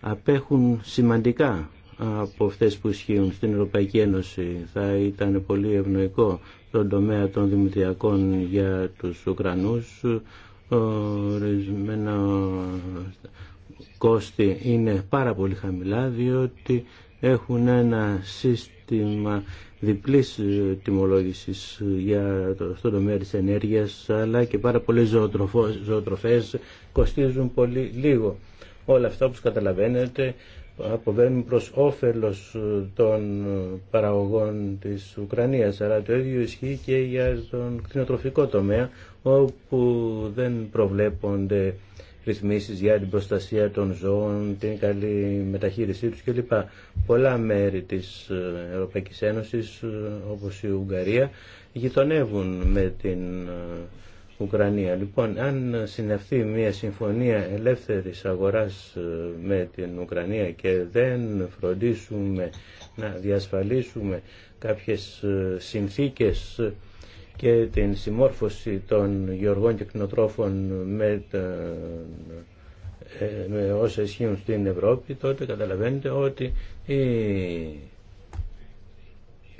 απέχουν σημαντικά από αυτές που ισχύουν στην Ευρωπαϊκή Ένωση. Θα ήταν πολύ ευνοϊκό στον τομέα των δημητριακών για τους Ουκρανούς. Ορισμένα κόστη είναι πάρα πολύ χαμηλά διότι έχουν ένα σύστημα διπλής τιμολόγησης για το, στον τομέα της ενέργειας αλλά και πάρα πολλές ζωοτροφές κοστίζουν πολύ λίγο. Όλα αυτά όπως καταλαβαίνετε αποβαίνουν προς όφελος ε, των ε, παραγωγών της Ουκρανίας αλλά το ίδιο ισχύει και για τον κτηνοτροφικό τομέα όπου δεν προβλέπονται ρυθμίσεις για την προστασία των ζώων, την καλή μεταχείρισή τους κλπ. Πολλά μέρη της ε, Ευρωπαϊκής Ένωσης όπως η Ουγγαρία γειτονεύουν με την Ουκρανία. Λοιπόν, αν συνεχθεί μια συμφωνία ελεύθερης αγοράς ε, με την Ουκρανία και δεν φροντίσουμε να διασφαλίσουμε κάποιες ε, συνθήκες και την συμμόρφωση των γεωργών και κτηνοτρόφων με, ε, με όσα ισχύουν στην Ευρώπη, τότε καταλαβαίνετε ότι η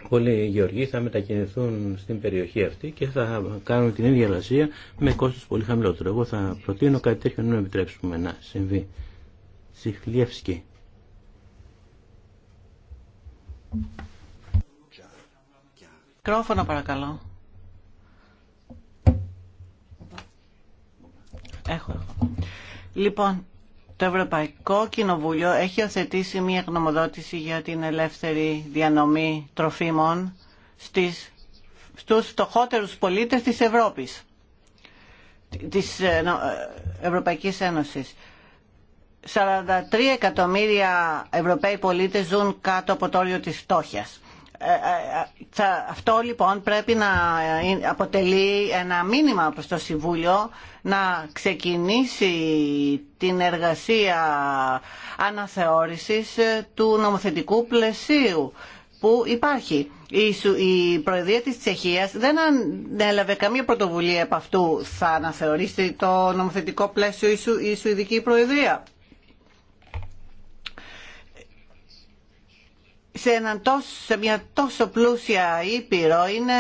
πολλοί γεωργοί θα μετακινηθούν στην περιοχή αυτή και θα κάνουν την ίδια εργασία με κόστος πολύ χαμηλότερο. Εγώ θα προτείνω κάτι τέτοιο να επιτρέψουμε να συμβεί. Συχλιεύσκη. Μικρόφωνο παρακαλώ. Έχω, έχω. Λοιπόν, το Ευρωπαϊκό Κοινοβούλιο έχει οθετήσει μια γνωμοδότηση για την ελεύθερη διανομή τροφίμων στις, στους φτωχότερους πολίτες της Ευρώπης, της ε, ε, Ευρωπαϊκής Ένωσης. 43 εκατομμύρια Ευρωπαίοι πολίτες ζουν κάτω από το όριο της φτώχειας. Ε, ε, ε, αυτό λοιπόν πρέπει να αποτελεί ένα μήνυμα προς το Συμβούλιο να ξεκινήσει την εργασία αναθεώρησης του νομοθετικού πλαισίου που υπάρχει. Η Προεδρία της Τσεχίας δεν ανέλαβε καμία πρωτοβουλία από αυτού. Θα αναθεωρήσει το νομοθετικό πλαίσιο η Σουηδική Προεδρία. σε, έναν τόσο, μια τόσο πλούσια ήπειρο είναι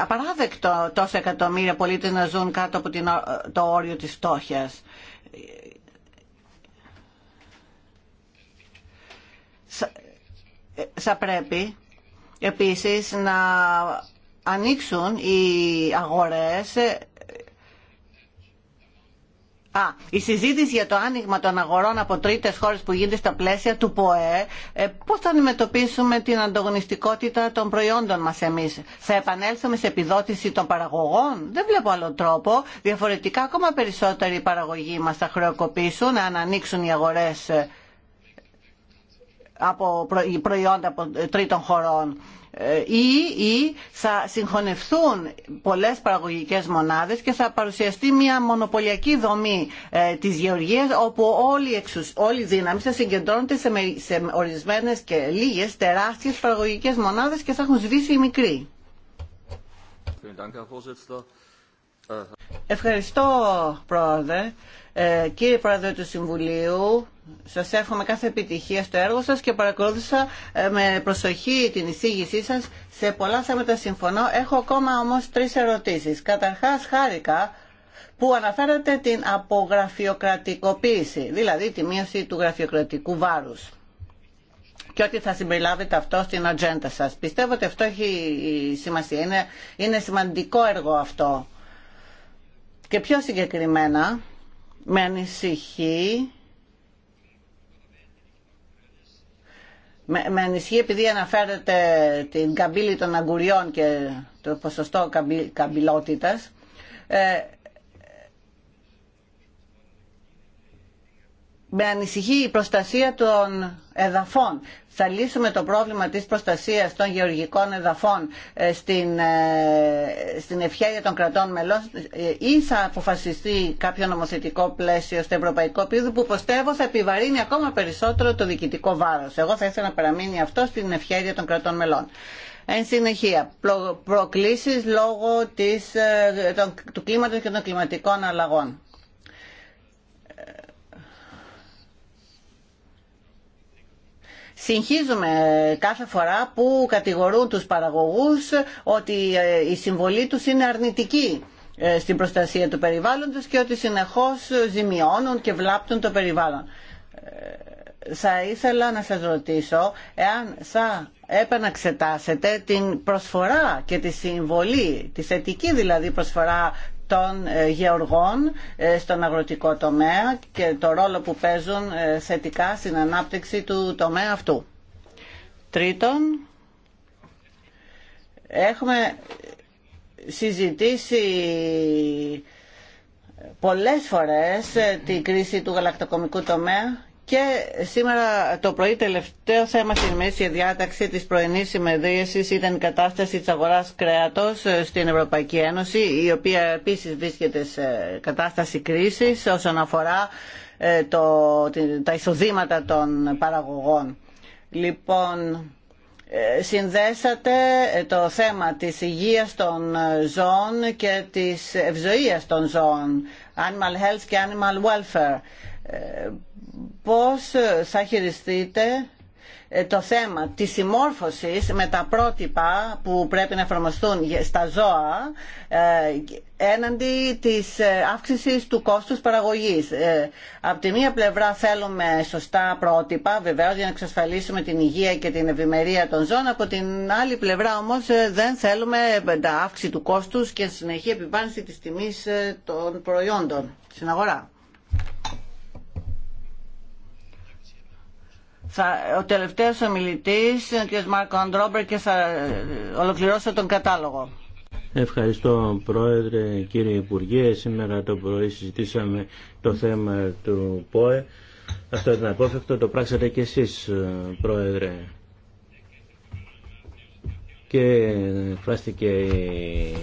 απαράδεκτο τόσα εκατομμύρια πολίτες να ζουν κάτω από το όριο της φτώχειας. Ε, θα πρέπει επίσης να ανοίξουν οι αγορές Α, η συζήτηση για το άνοιγμα των αγορών από τρίτες χώρε που γίνεται στα πλαίσια του ΠΟΕ, ε, πώς θα αντιμετωπίσουμε την ανταγωνιστικότητα των προϊόντων μας εμεί. Θα επανέλθουμε σε επιδότηση των παραγωγών. Δεν βλέπω άλλο τρόπο. Διαφορετικά ακόμα περισσότεροι παραγωγοί μας θα χρεοκοπήσουν αν ανοίξουν οι αγορέ ε, από προϊόντα από τρίτων χωρών. Ε, ή, ή θα συγχωνευτούν πολλές παραγωγικές μονάδες και θα παρουσιαστεί μια μονοπωλιακή δομή ε, της γεωργίας όπου όλη η, εξουσ... δύναμη θα συγκεντρώνεται σε, σε ορισμένες και λίγες τεράστιες παραγωγικές μονάδες και θα έχουν σβήσει οι μικροί. Äh, Ευχαριστώ πρόεδρε. Ε, κύριε Πρόεδρε του Συμβουλίου, σας εύχομαι κάθε επιτυχία στο έργο σας και παρακολούθησα ε, με προσοχή την εισήγησή σας. Σε πολλά θέματα συμφωνώ. Έχω ακόμα όμως τρεις ερωτήσεις. Καταρχάς, χάρηκα που αναφέρατε την απογραφειοκρατικοποίηση, δηλαδή τη μείωση του γραφειοκρατικού βάρους και ότι θα συμπεριλάβετε αυτό στην ατζέντα σας. Πιστεύω ότι αυτό έχει σημασία. Είναι, είναι σημαντικό έργο αυτό. Και πιο συγκεκριμένα, με ανησυχεί με, με επειδή αναφέρεται την καμπύλη των αγκουριών και το ποσοστό καμπυ, με ανησυχεί η προστασία των εδαφών. Θα λύσουμε το πρόβλημα της προστασίας των γεωργικών εδαφών ε, στην, ε, στην ευχαίρεια των κρατών μελών ε, ή θα αποφασιστεί κάποιο νομοθετικό πλαίσιο στο ευρωπαϊκό επίπεδο που πιστεύω θα επιβαρύνει ακόμα περισσότερο το διοικητικό βάρος. Εγώ θα ήθελα να παραμείνει αυτό στην ευχαίρεια των κρατών μελών. Εν συνεχεία, προκλήσεις λόγω του κλίματος και των κλιματικών αλλαγών Συγχύζουμε κάθε φορά που κατηγορούν τους παραγωγούς ότι ε, η συμβολή τους είναι αρνητική ε, στην προστασία του περιβάλλοντος και ότι συνεχώς ζημιώνουν και βλάπτουν το περιβάλλον. Ε, θα ήθελα να σας ρωτήσω εάν θα επαναξετάσετε την προσφορά και τη συμβολή, τη θετική δηλαδή προσφορά των ε, γεωργών ε, στον αγροτικό τομέα και το ρόλο που παίζουν ε, θετικά στην ανάπτυξη του τομέα αυτού. Τρίτον, έχουμε συζητήσει πολλές φορές την κρίση του γαλακτοκομικού τομέα και σήμερα το πρωί τελευταίο θέμα στην μέση διάταξη της πρωινής συμμεδρίασης ήταν η κατάσταση της αγοράς κρέατος ε, στην Ευρωπαϊκή Ένωση, η οποία επίσης βρίσκεται σε κατάσταση κρίσης όσον αφορά ε, το, τα εισοδήματα των παραγωγών. Λοιπόν, ε, συνδέσατε το θέμα της υγείας των ζώων και της ευζοίας των ζώων, animal health και animal welfare πώς ε, θα χειριστείτε ε, το θέμα της συμμόρφωσης με τα πρότυπα που πρέπει να εφαρμοστούν στα ζώα ε, έναντι της αύξησης του κόστους παραγωγής. Από τη μία πλευρά θέλουμε σωστά πρότυπα, βεβαίως για να εξασφαλίσουμε την υγεία και την ευημερία των ζώων, από την άλλη πλευρά όμως δεν θέλουμε τα αύξηση του κόστους και συνεχή επιβάρυνση της τιμής των προϊόντων στην αγορά. Ο τελευταίος ομιλητής είναι ο κ. Μάρκο Αντρόμπερ και θα ολοκληρώσω τον κατάλογο. Ευχαριστώ Πρόεδρε, κύριε Υπουργέ. Σήμερα το πρωί συζητήσαμε το θέμα του ΠΟΕ. Αυτό ήταν απόφευκτο, το πράξατε και εσείς Πρόεδρε. Και φράστηκε η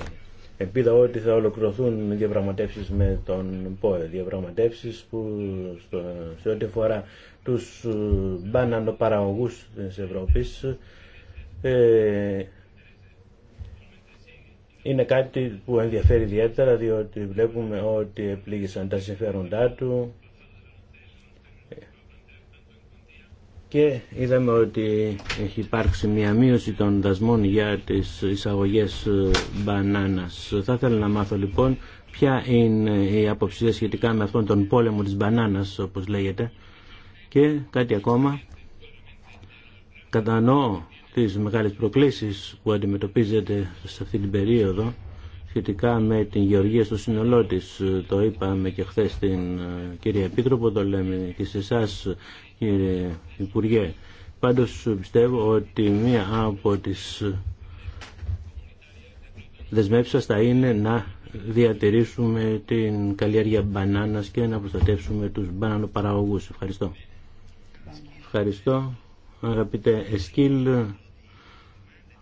ελπίδα ότι θα ολοκληρωθούν διαπραγματεύσεις με τον ΠΟΕ. Διαπραγματεύσεις που στο, σε ό,τι αφορά τους ε, μπανανοπαραγωγούς της Ευρώπης ε, είναι κάτι που ενδιαφέρει ιδιαίτερα διότι βλέπουμε ότι επλήγησαν τα συμφέροντά του και είδαμε ότι έχει υπάρξει μια μείωση των δασμών για τις εισαγωγές ε, μπανάνας. Θα ήθελα να μάθω λοιπόν ποια είναι η αποψία σχετικά με αυτόν τον πόλεμο της μπανάνας όπως λέγεται και κάτι ακόμα, κατανοώ τις μεγάλες προκλήσεις που αντιμετωπίζεται σε αυτή την περίοδο σχετικά με την γεωργία στο σύνολό τη. Το είπαμε και χθε στην ε, κυρία Επίτροπο, το λέμε και σε εσά κύριε Υπουργέ. Πάντως πιστεύω ότι μία από τις δεσμεύσεις θα είναι να διατηρήσουμε την καλλιέργεια μπανάνας και να προστατεύσουμε τους μπανανοπαραγωγούς. Ευχαριστώ. Ευχαριστώ. Αγαπητέ Εσκύλ,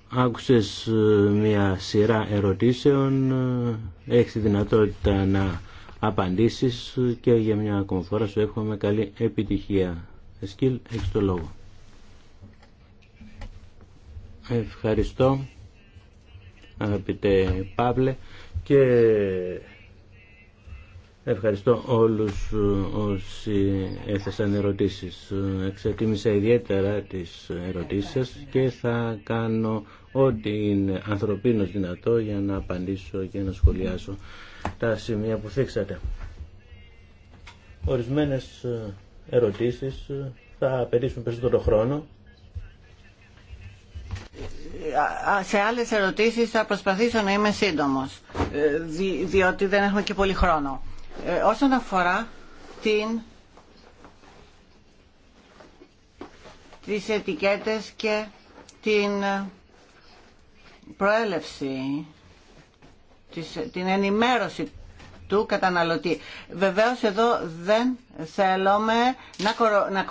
άκουσες ε, μια σειρά ερωτήσεων, έχεις τη δυνατότητα να απαντήσεις και για μια ακόμα φορά σου εύχομαι καλή επιτυχία. Εσκύλ, έχεις το λόγο. Ευχαριστώ αγαπητέ Παύλε και Ευχαριστώ όλους ε, όσοι έθεσαν ερωτήσεις. Ε, εξετίμησα ιδιαίτερα τις ερωτήσεις σας και θα κάνω ό,τι είναι ανθρωπίνως δυνατό για να απαντήσω και να σχολιάσω τα σημεία που θέξατε. Ορισμένες ε, ερωτήσεις θα απαιτήσουν περισσότερο χρόνο. Σε άλλες ερωτήσεις θα προσπαθήσω να είμαι σύντομος, διότι δεν έχουμε και πολύ χρόνο. Ε, όσον αφορά την, τις ετικέτες και την ε, προέλευση, ε, την ενημέρωση του καταναλωτή. Βεβαίως εδώ δεν Θέλουμε να, να,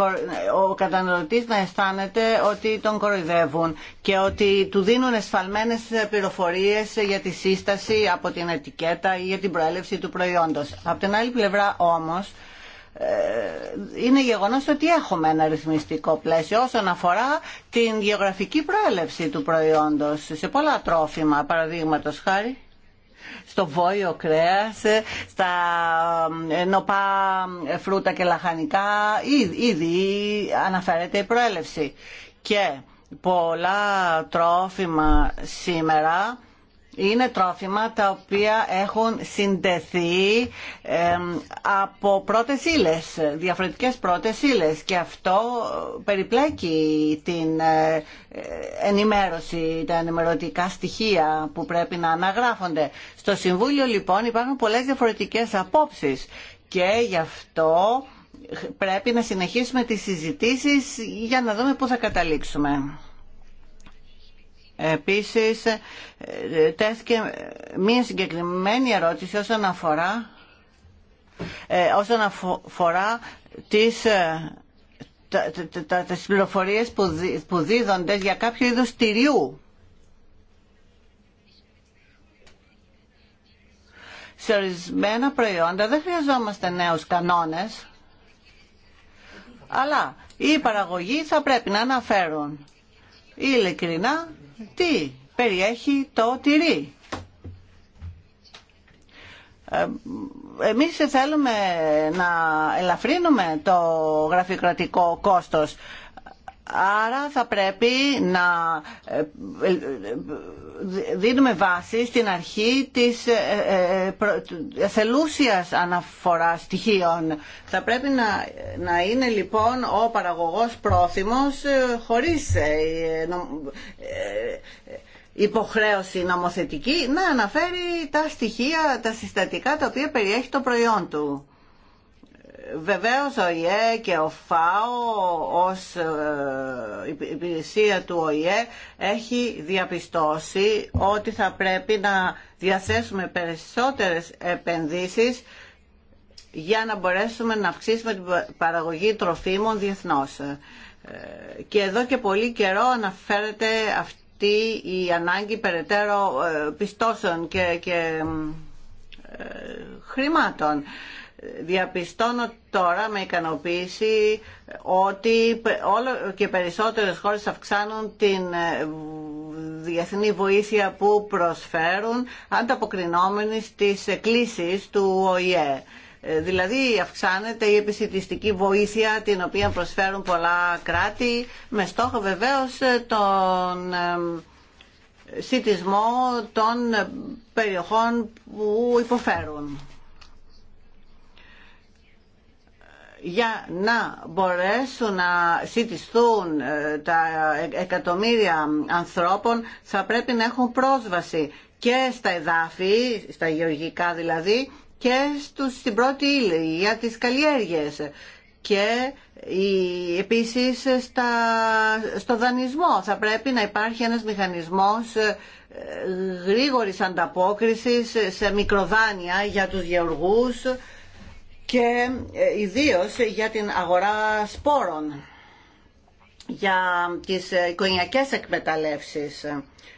ο καταναλωτής να αισθάνεται ότι τον κοροϊδεύουν και ότι του δίνουν εσφαλμένες πληροφορίες για τη σύσταση από την ετικέτα ή για την προέλευση του προϊόντος. Από την άλλη πλευρά όμως, ε, είναι γεγονός ότι έχουμε ένα ρυθμιστικό πλαίσιο όσον αφορά την γεωγραφική προέλευση του προϊόντος σε πολλά τρόφιμα, παραδείγματος χάρη στο βόλιο κρέας, στα ε, νοπά φρούτα και λαχανικά, ήδη αναφέρεται η προέλευση. Και πολλά τρόφιμα σήμερα είναι τρόφιμα τα οποία έχουν συντεθεί από πρώτες ύλες, διαφορετικές πρώτες ύλες και αυτό περιπλέκει την ε, ενημέρωση, τα ενημερωτικά στοιχεία που πρέπει να αναγράφονται. Στο Συμβούλιο λοιπόν υπάρχουν πολλές διαφορετικές απόψεις και γι' αυτό πρέπει να συνεχίσουμε τις συζητήσεις για να δούμε πού θα καταλήξουμε. Επίσης, ε, τέθηκε μία συγκεκριμένη ερώτηση όσον αφορά, ε, όσον αφορά τις ε, τα, τα, τα, τις πληροφορίες που, δι, δίδονται για κάποιο είδου τυριού. Σε ορισμένα προϊόντα δεν χρειαζόμαστε νέους κανόνες, αλλά οι παραγωγοί θα πρέπει να αναφέρουν ειλικρινά τι περιέχει το τυρί. Ε, εμείς θέλουμε να ελαφρύνουμε το γραφειοκρατικό κόστος. Άρα θα πρέπει να ε, ε, δίνουμε βάση στην αρχή της ε, ε, ε, θελούσιας αναφορά στοιχείων. Θα πρέπει να, να είναι λοιπόν ο παραγωγός πρόθυμος χωρίς υποχρέωση νομοθετική να αναφέρει τα στοιχεία, τα συστατικά τα οποία περιέχει το προϊόν του. Βεβαίως ο ΙΕ και ο ΦΑΟ ως ε, υπηρεσία του ΟΗΕ έχει διαπιστώσει ότι θα πρέπει να διαθέσουμε περισσότερες επενδύσεις για να μπορέσουμε να αυξήσουμε την παραγωγή τροφίμων διεθνώς. Ε, και εδώ και πολύ καιρό αναφέρεται αυτή η ανάγκη περαιτέρω ε, πιστώσεων και, και χρημάτων. Διαπιστώνω τώρα με ικανοποίηση ότι όλο και περισσότερες χώρες αυξάνουν την ε, διεθνή βοήθεια που προσφέρουν ανταποκρινόμενοι στις εκκλήσεις του ΟΗΕ. Ε, δηλαδή αυξάνεται η επισητιστική βοήθεια την οποία προσφέρουν πολλά κράτη με στόχο βεβαίως ε, τον σιτισμό των περιοχών που υποφέρουν. για να μπορέσουν να συντηθούν ε, τα εκατομμύρια ανθρώπων θα πρέπει να έχουν πρόσβαση και στα εδάφη, στα γεωργικά δηλαδή, και στους, στην πρώτη ύλη για τις καλλιέργειες και η, επίσης στα, στο δανεισμό. Θα πρέπει να υπάρχει ένας μηχανισμός ε, γρήγορης ανταπόκρισης σε μικροδάνεια για τους γεωργούς και ε, ιδίως για την αγορά σπόρων, για τις ε, οικογενειακές εκμεταλλεύσεις,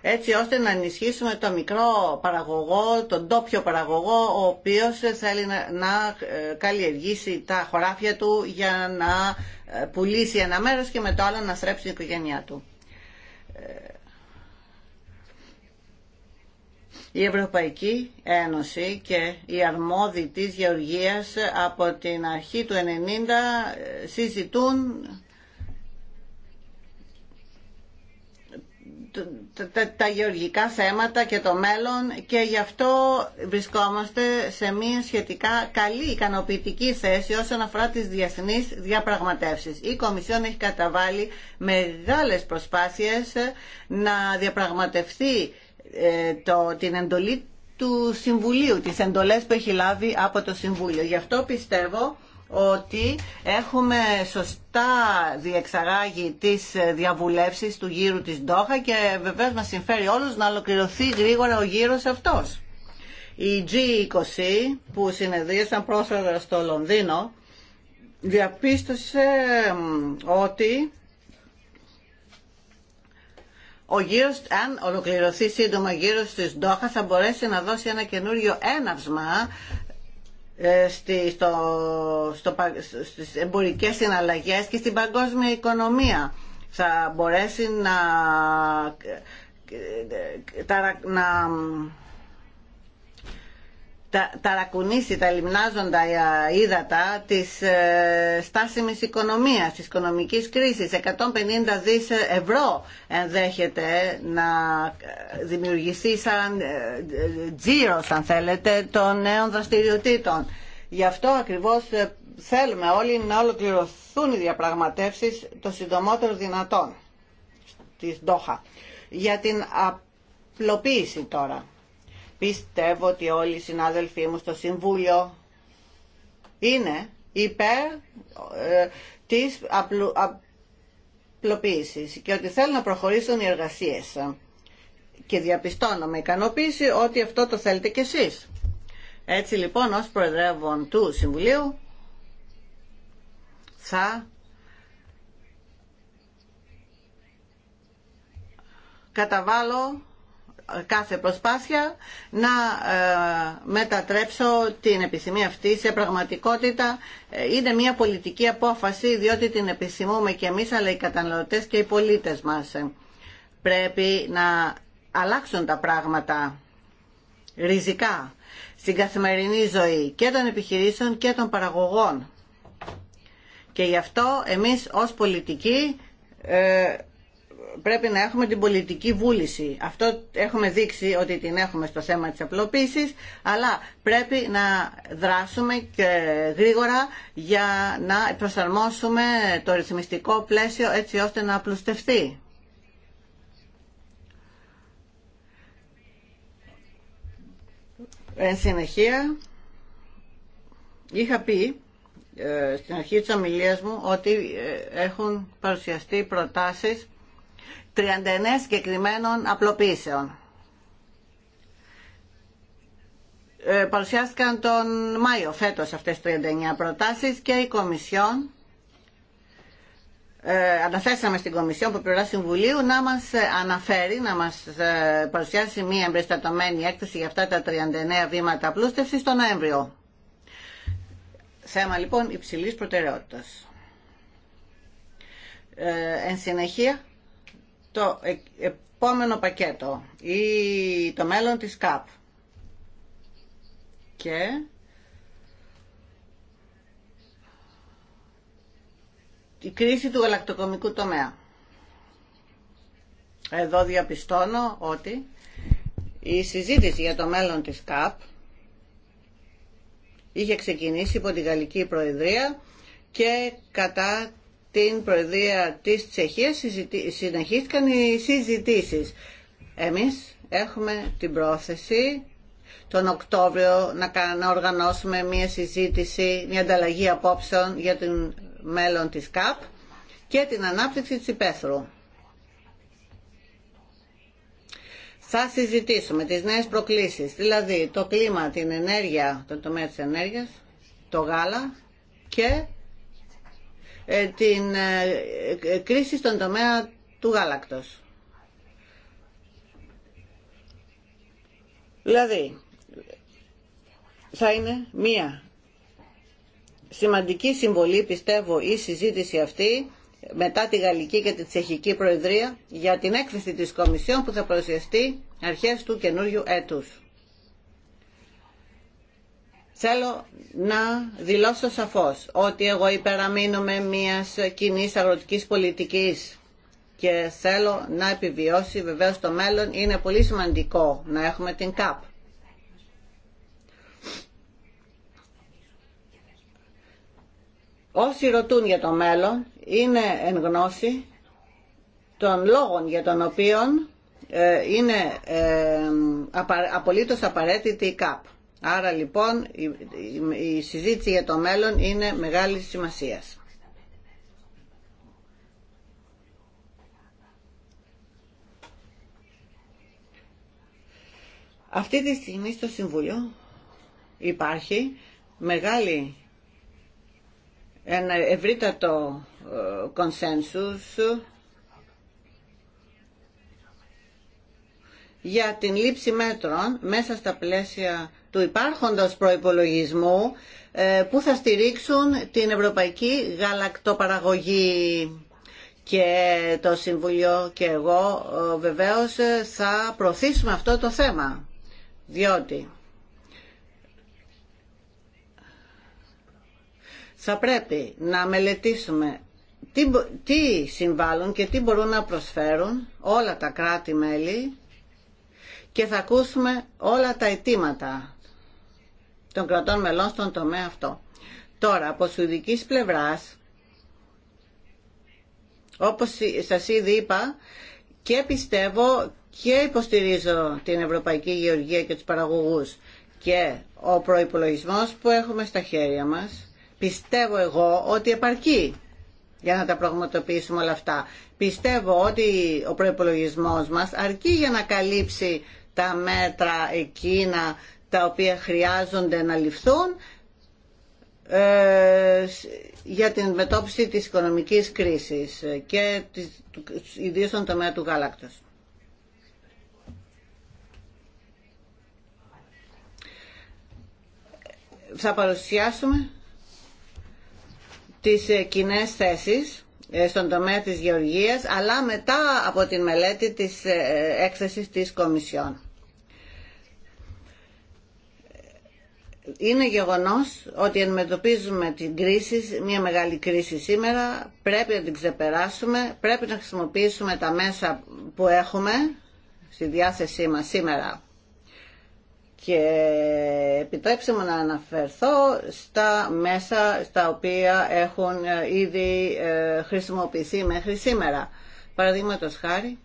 έτσι ώστε να ενισχύσουμε το μικρό παραγωγό, τον τόπιο παραγωγό, ο οποίος θέλει να ε, καλλιεργήσει τα χωράφια του για να πουλήσει ένα μέρος και με το άλλο να στρέψει την οικογένειά του η Ευρωπαϊκή Ένωση και η αρμόδιοι της Γεωργίας από την αρχή του 90 ε, συζητούν τα, γεωργικά θέματα και το μέλλον και γι' αυτό βρισκόμαστε σε μια σχετικά καλή ικανοποιητική θέση όσον αφορά τις διεθνείς διαπραγματεύσεις. Η Κομισιόν έχει καταβάλει μεγάλες προσπάθειες να διαπραγματευτεί ε, το, την εντολή του Συμβουλίου, τις εντολές που έχει λάβει από το Συμβούλιο. Γι' αυτό πιστεύω ότι έχουμε σωστά διεξαγάγει τις διαβουλεύσεις του γύρου της Ντόχα και βεβαίως μας συμφέρει όλους να ολοκληρωθεί γρήγορα ο γύρος αυτός. Η G20 που συνεδρίασαν πρόσφατα στο Λονδίνο διαπίστωσε ότι ο γύρος, αν ολοκληρωθεί σύντομα γύρω της Ντόχα θα μπορέσει να δώσει ένα καινούριο έναυσμα ε, στη, στο, στο, στις εμπορικές συναλλαγές και στην παγκόσμια οικονομία. Θα μπορέσει να, ε, ε, να τα, ταρακουνήσει τα λιμνάζοντα ύδατα της ε, στάσιμης οικονομίας, της οικονομικής κρίσης. 150 δις ευρώ ενδέχεται να ε, δημιουργηθεί σαν ε, αν θέλετε, των νέων δραστηριοτήτων. Γι' αυτό ακριβώς ε, θέλουμε όλοι να ολοκληρωθούν οι διαπραγματεύσεις το συντομότερο δυνατόν της Ντόχα. Για την απλοποίηση τώρα Πιστεύω ότι όλοι οι συνάδελφοί μου στο Συμβούλιο είναι υπέρ ε, της απλοποίησης και ότι θέλουν να προχωρήσουν οι εργασίες. Και διαπιστώνω με ικανοποίηση ότι αυτό το θέλετε κι εσείς. Έτσι λοιπόν ως Προεδρεύων του Συμβουλίου θα καταβάλω κάθε προσπάθεια να ε, μετατρέψω την επιθυμία αυτή σε πραγματικότητα. Ε, είναι μια πολιτική απόφαση διότι την επισημούμε και εμείς αλλά οι καταναλωτές και οι πολίτες μας. Πρέπει να αλλάξουν τα πράγματα ριζικά στην καθημερινή ζωή και των επιχειρήσεων και των παραγωγών. Και γι' αυτό εμείς ως πολιτικοί ε, πρέπει να έχουμε την πολιτική βούληση. Αυτό έχουμε δείξει ότι την έχουμε στο θέμα της απλοποίησης, αλλά πρέπει να δράσουμε και γρήγορα για να προσαρμόσουμε το ρυθμιστικό πλαίσιο έτσι ώστε να απλουστευτεί. Εν συνεχεία, είχα πει ε, στην αρχή της ομιλίας μου ότι ε, έχουν παρουσιαστεί προτάσεις 39 συγκεκριμένων απλοποίησεων. Ε, παρουσιάστηκαν τον Μάιο φέτος αυτές τις 39 προτάσεις και η Κομισιόν ε, αναθέσαμε στην Κομισιόν που πληρώνει Συμβουλίου να μας αναφέρει, να μας ε, παρουσιάσει μία εμπεριστατωμένη έκθεση για αυτά τα 39 βήματα απλούστευσης τον Νοέμβριο. Θέμα λοιπόν υψηλής προτεραιότητας. Ε, εν συνεχεία, το ε, επόμενο πακέτο ή το μέλλον της ΚΑΠ και η κρίση του γαλακτοκομικού τομέα. Εδώ διαπιστώνω ότι η συζήτηση για το μέλλον της ΚΑΠ είχε ξεκινήσει υπό τη Γαλλική Προεδρία και κατά την Προεδρία της Τσεχίας συνεχίστηκαν οι συζητήσεις. Εμείς έχουμε την πρόθεση τον Οκτώβριο να οργανώσουμε μια συζήτηση, μια ανταλλαγή απόψεων για την μέλλον της ΚΑΠ και την ανάπτυξη της υπαίθρου. Θα συζητήσουμε τις νέες προκλήσεις, δηλαδή το κλίμα, την ενέργεια, το τομέα της ενέργειας, το γάλα και ε, την ε, ε, κρίση στον τομέα του γάλακτος. Δηλαδή, θα είναι μία σημαντική συμβολή, πιστεύω, η συζήτηση αυτή μετά τη Γαλλική και τη Τσεχική Προεδρία για την έκθεση της Κομισιόν που θα παρουσιαστεί αρχές του καινούριου έτους. Θέλω να δηλώσω σαφώς ότι εγώ υπεραμείνομαι μιας κοινή αγροτικής πολιτικής και θέλω να επιβιώσει βεβαίως το μέλλον. Είναι πολύ σημαντικό να έχουμε την ΚΑΠ. Όσοι ρωτούν για το μέλλον είναι εν γνώση των λόγων για τον οποίο ε, είναι ε, απολύτως απαραίτητη η ΚΑΠ. Άρα λοιπόν η συζήτηση για το μέλλον είναι μεγάλη σημασίας. Αυτή τη στιγμή στο Συμβούλιο υπάρχει μεγάλη ένα ευρύτατο ε, κονσένσους για την λήψη μέτρων μέσα στα πλαίσια του υπάρχοντος προϋπολογισμού ε, που θα στηρίξουν την ευρωπαϊκή γαλακτοπαραγωγή. Και το Συμβουλίο και εγώ ε, βεβαίως ε, θα προωθήσουμε αυτό το θέμα, διότι θα πρέπει να μελετήσουμε τι, τι συμβάλλουν και τι μπορούν να προσφέρουν όλα τα κράτη-μέλη και θα ακούσουμε όλα τα αιτήματα των κρατών μελών στον τομέα αυτό. Τώρα, από σουδικής πλευράς, όπως σας ήδη είπα, και πιστεύω και υποστηρίζω την Ευρωπαϊκή Γεωργία και τους παραγωγούς και ο προϋπολογισμός που έχουμε στα χέρια μας πιστεύω εγώ ότι επαρκεί για να τα πραγματοποιήσουμε όλα αυτά. Πιστεύω ότι ο προϋπολογισμός μας αρκεί για να καλύψει τα μέτρα εκείνα τα οποία χρειάζονται να ληφθούν ε, για την μετώπιση της οικονομικής κρίσης και ιδίως στον τομέα του γάλακτος. Θα παρουσιάσουμε τις ε, κοινέ θέσεις ε, στον τομέα της γεωργίας αλλά μετά από την μελέτη της έκθεσης της Κομισιόν. είναι γεγονός ότι αντιμετωπίζουμε την κρίση, μια μεγάλη κρίση σήμερα, πρέπει να την ξεπεράσουμε, πρέπει να χρησιμοποιήσουμε τα μέσα που έχουμε στη διάθεσή μας σήμερα. Και επιτρέψτε μου να αναφερθώ στα μέσα στα οποία έχουν ε, ήδη ε, χρησιμοποιηθεί μέχρι σήμερα. Παραδείγματος χάρη,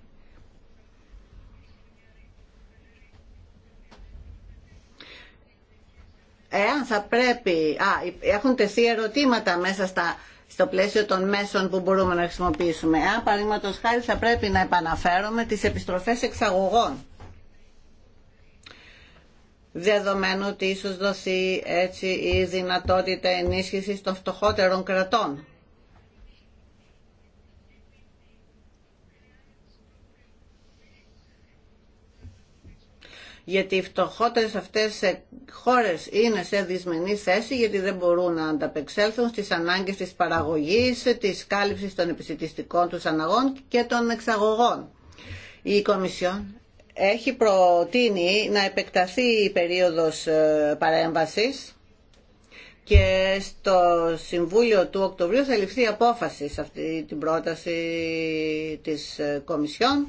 εάν θα πρέπει... έχουν τεθεί ερωτήματα μέσα στα, στο πλαίσιο των μέσων που μπορούμε να χρησιμοποιήσουμε. Εάν, παραδείγματο χάρη, θα πρέπει να επαναφέρουμε τις επιστροφές εξαγωγών. Δεδομένου ότι ίσως δοθεί έτσι η δυνατότητα ενίσχυσης των φτωχότερων κρατών. γιατί οι φτωχότερες αυτές χώρες είναι σε δυσμενή θέση γιατί δεν μπορούν να ανταπεξέλθουν στις ανάγκες της παραγωγής, της κάλυψης των επιστημιστικών τους αναγών και των εξαγωγών. Η Κομισιόν έχει προτείνει να επεκταθεί η περίοδος ε, παρέμβασης και στο Συμβούλιο του Οκτωβρίου θα ληφθεί απόφαση σε αυτή την πρόταση της ε, Κομισιόν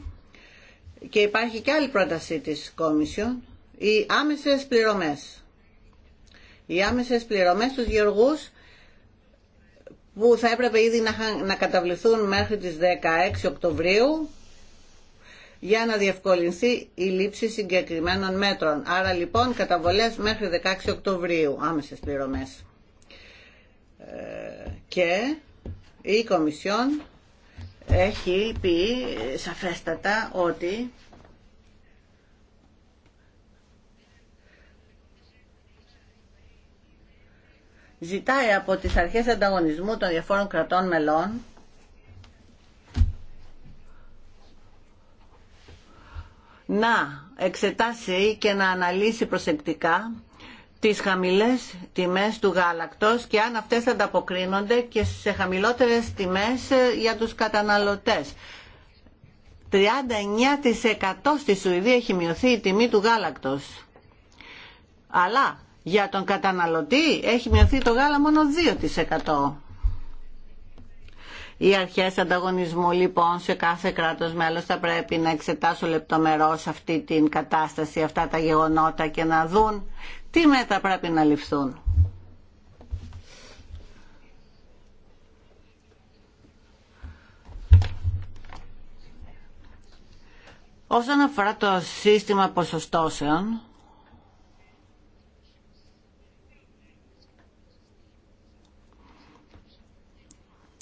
και υπάρχει και άλλη πρόταση της Κόμισιον, οι άμεσες πληρωμές. Οι άμεσες πληρωμές στους γεωργούς που θα έπρεπε ήδη να καταβληθούν μέχρι τις 16 Οκτωβρίου για να διευκολυνθεί η λήψη συγκεκριμένων μέτρων. Άρα λοιπόν καταβολές μέχρι 16 Οκτωβρίου άμεσες πληρωμές. Ε, και η Κομισιόν έχει πει σαφέστατα ότι ζητάει από τις αρχές ανταγωνισμού των διαφόρων κρατών μελών να εξετάσει και να αναλύσει προσεκτικά στις χαμηλές τιμές του γάλακτος και αν αυτές ανταποκρίνονται και σε χαμηλότερες τιμές ε, για τους καταναλωτές. 39% στη Σουηδία έχει μειωθεί η τιμή του γάλακτος. Αλλά για τον καταναλωτή έχει μειωθεί το γάλα μόνο 2%. Οι αρχές ανταγωνισμού λοιπόν σε κάθε κράτος μέλος θα πρέπει να εξετάσουν λεπτομερώς αυτή την κατάσταση, αυτά τα γεγονότα και να δουν τι μέτρα πρέπει να ληφθούν. Όσον αφορά το σύστημα ποσοστώσεων,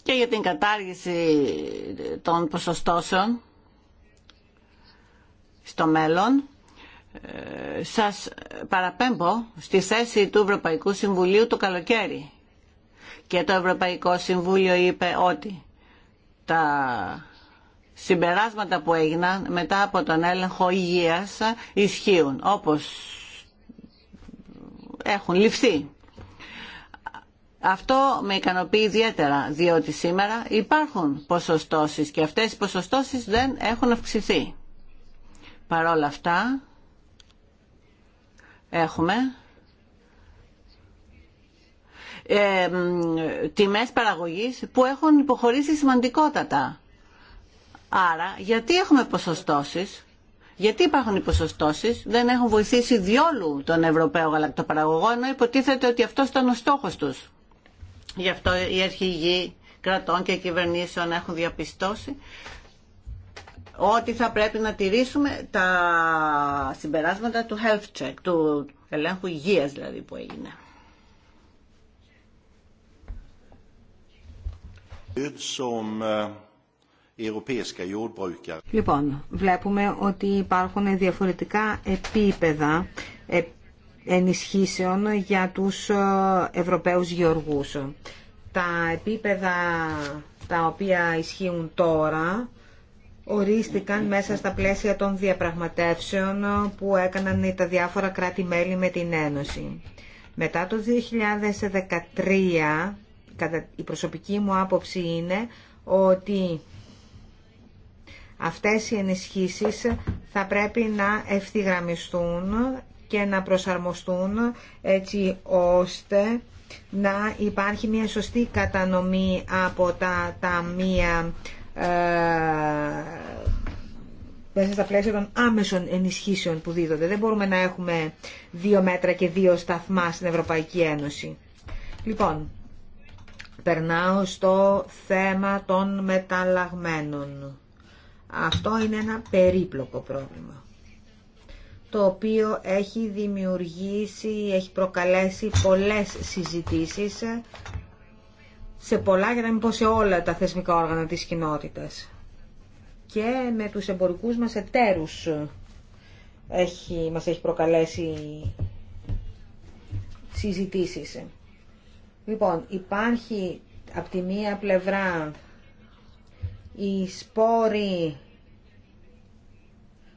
και για την κατάργηση των ποσοστώσεων στο μέλλον σας παραπέμπω στη θέση του Ευρωπαϊκού Συμβουλίου το καλοκαίρι. Και το Ευρωπαϊκό Συμβούλιο είπε ότι τα συμπεράσματα που έγιναν μετά από τον έλεγχο υγείας ισχύουν όπως έχουν ληφθεί. Αυτό με ικανοποιεί ιδιαίτερα διότι σήμερα υπάρχουν ποσοστώσεις και αυτές οι ποσοστώσεις δεν έχουν αυξηθεί. Παρόλα αυτά έχουμε ε, τιμές παραγωγής που έχουν υποχωρήσει σημαντικότατα. Άρα, γιατί έχουμε ποσοστώσεις, γιατί υπάρχουν οι ποσοστώσεις, δεν έχουν βοηθήσει διόλου τον Ευρωπαίο γαλακτοπαραγωγό, ενώ υποτίθεται ότι αυτό ήταν ο στόχος τους. Γι' αυτό οι αρχηγοί κρατών και κυβερνήσεων έχουν διαπιστώσει ότι θα πρέπει να τηρήσουμε τα συμπεράσματα του health check, του ελέγχου υγείας δηλαδή που έγινε. Ε, λοιπόν, βλέπουμε ότι υπάρχουν διαφορετικά επίπεδα ε, ενισχύσεων για τους ε, Ευρωπαίους γεωργούς. Τα επίπεδα τα οποία ισχύουν τώρα ορίστηκαν μέσα στα πλαίσια των διαπραγματεύσεων που έκαναν τα διάφορα κράτη-μέλη με την Ένωση. Μετά το 2013, κατά η προσωπική μου άποψη είναι ότι αυτές οι ενισχύσεις θα πρέπει να ευθυγραμμιστούν και να προσαρμοστούν έτσι ώστε να υπάρχει μια σωστή κατανομή από τα ταμεία ε, μέσα στα πλαίσια των άμεσων ενισχύσεων που δίδονται. Δεν μπορούμε να έχουμε δύο μέτρα και δύο σταθμά στην Ευρωπαϊκή Ένωση. Λοιπόν, περνάω στο θέμα των μεταλλαγμένων. Αυτό είναι ένα περίπλοκο πρόβλημα, το οποίο έχει δημιουργήσει, έχει προκαλέσει πολλές συζητήσεις σε πολλά για να μην πω σε όλα τα θεσμικά όργανα της κοινότητας. Και με τους εμπορικούς μας εταίρους ε, έχει, μας έχει προκαλέσει συζητήσεις. Λοιπόν, υπάρχει από τη μία πλευρά οι σπόροι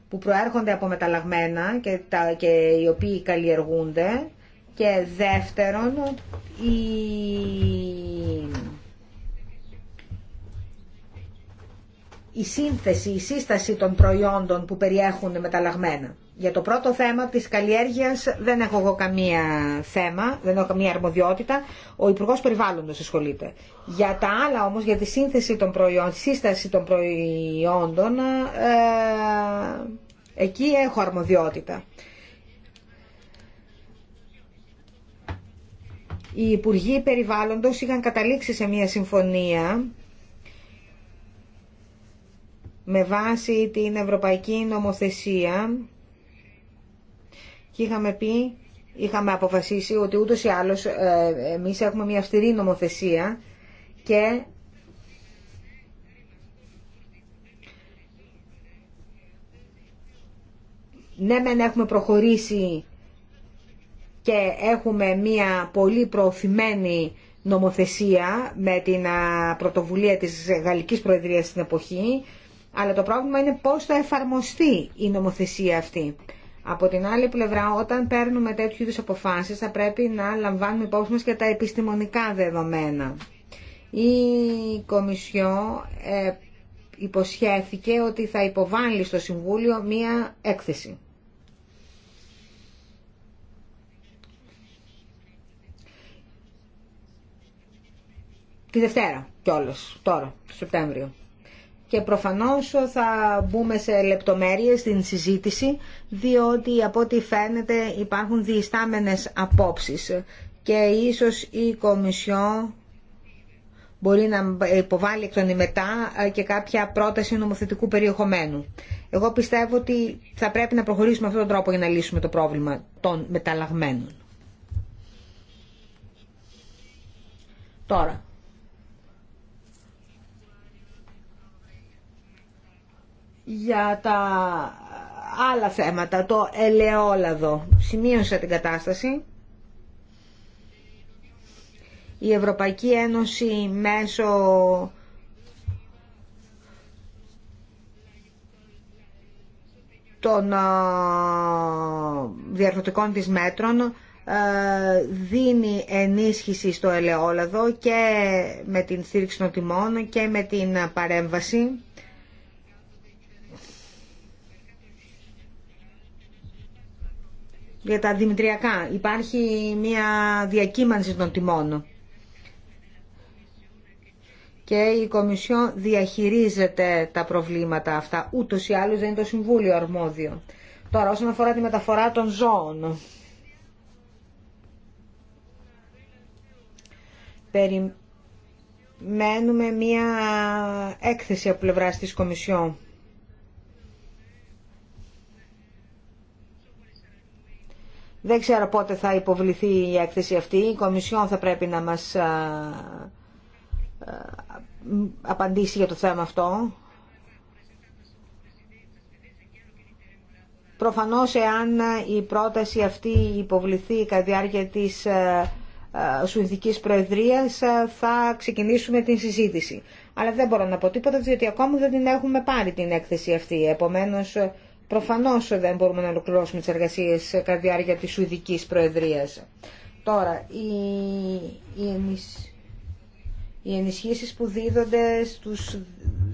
που προέρχονται από μεταλλαγμένα και, τα, και οι οποίοι καλλιεργούνται και δεύτερον οι η σύνθεση, η σύσταση των προϊόντων που περιέχουν μεταλλαγμένα. Για το πρώτο θέμα της καλλιέργειας δεν έχω εγώ καμία θέμα, δεν έχω καμία αρμοδιότητα. Ο Υπουργό Περιβάλλοντος ασχολείται. Για τα άλλα όμως, για τη σύνθεση των προϊόντων, σύσταση των προϊόντων, ε, εκεί έχω αρμοδιότητα. Οι Υπουργοί Περιβάλλοντος είχαν καταλήξει σε μια συμφωνία με βάση την ευρωπαϊκή νομοθεσία και είχαμε πει, είχαμε αποφασίσει ότι ούτως ή άλλως ε, εμείς έχουμε μια αυστηρή νομοθεσία και ναι μεν έχουμε προχωρήσει και έχουμε μια πολύ προωθημένη νομοθεσία με την πρωτοβουλία της Γαλλικής Προεδρίας στην εποχή αλλά το πρόβλημα είναι πώς θα εφαρμοστεί η νομοθεσία αυτή. Από την άλλη πλευρά, όταν παίρνουμε τέτοιου είδους αποφάσεις, θα πρέπει να λαμβάνουμε υπόψη μας και τα επιστημονικά δεδομένα. Η Κομισιό ε, υποσχέθηκε ότι θα υποβάλει στο Συμβούλιο μία έκθεση. Τη Δευτέρα κιόλας, τώρα, το Σεπτέμβριο και προφανώς θα μπούμε σε λεπτομέρειες στην συζήτηση, διότι από ό,τι φαίνεται υπάρχουν διιστάμενες απόψεις και ίσως η Κομισιό μπορεί να υποβάλει εκ των ημετά ε, και κάποια πρόταση νομοθετικού περιεχομένου. Εγώ πιστεύω ότι θα πρέπει να προχωρήσουμε αυτόν τον τρόπο για να λύσουμε το πρόβλημα των μεταλλαγμένων. Τώρα, για τα άλλα θέματα, το ελαιόλαδο. Σημείωσα την κατάσταση. Η Ευρωπαϊκή Ένωση μέσω των διαρθρωτικών της μέτρων δίνει ενίσχυση στο ελαιόλαδο και με την στήριξη των τιμών και με την παρέμβαση για τα δημητριακά. Υπάρχει μια διακύμανση των τιμών. Και η Κομισιό διαχειρίζεται τα προβλήματα αυτά. Ούτως ή άλλως δεν είναι το Συμβούλιο αρμόδιο. Τώρα όσον αφορά τη μεταφορά των ζώων. Περιμένουμε μια έκθεση από πλευράς της Κομισιόν. Δεν ξέρω πότε θα υποβληθεί η έκθεση αυτή. Η Κομισιόν θα πρέπει να μας απαντήσει για το θέμα αυτό. Προφανώς εάν η πρόταση αυτή υποβληθεί κατά διάρκεια της Σουηδικής Προεδρίας θα ξεκινήσουμε την συζήτηση. Αλλά δεν μπορώ να πω τίποτα διότι ακόμα δεν την έχουμε πάρει την έκθεση αυτή. Επομένως Προφανώ δεν μπορούμε να ολοκληρώσουμε τις εργασίες κατά τη διάρκεια της Προεδρίας. Τώρα, οι, οι, που δίδονται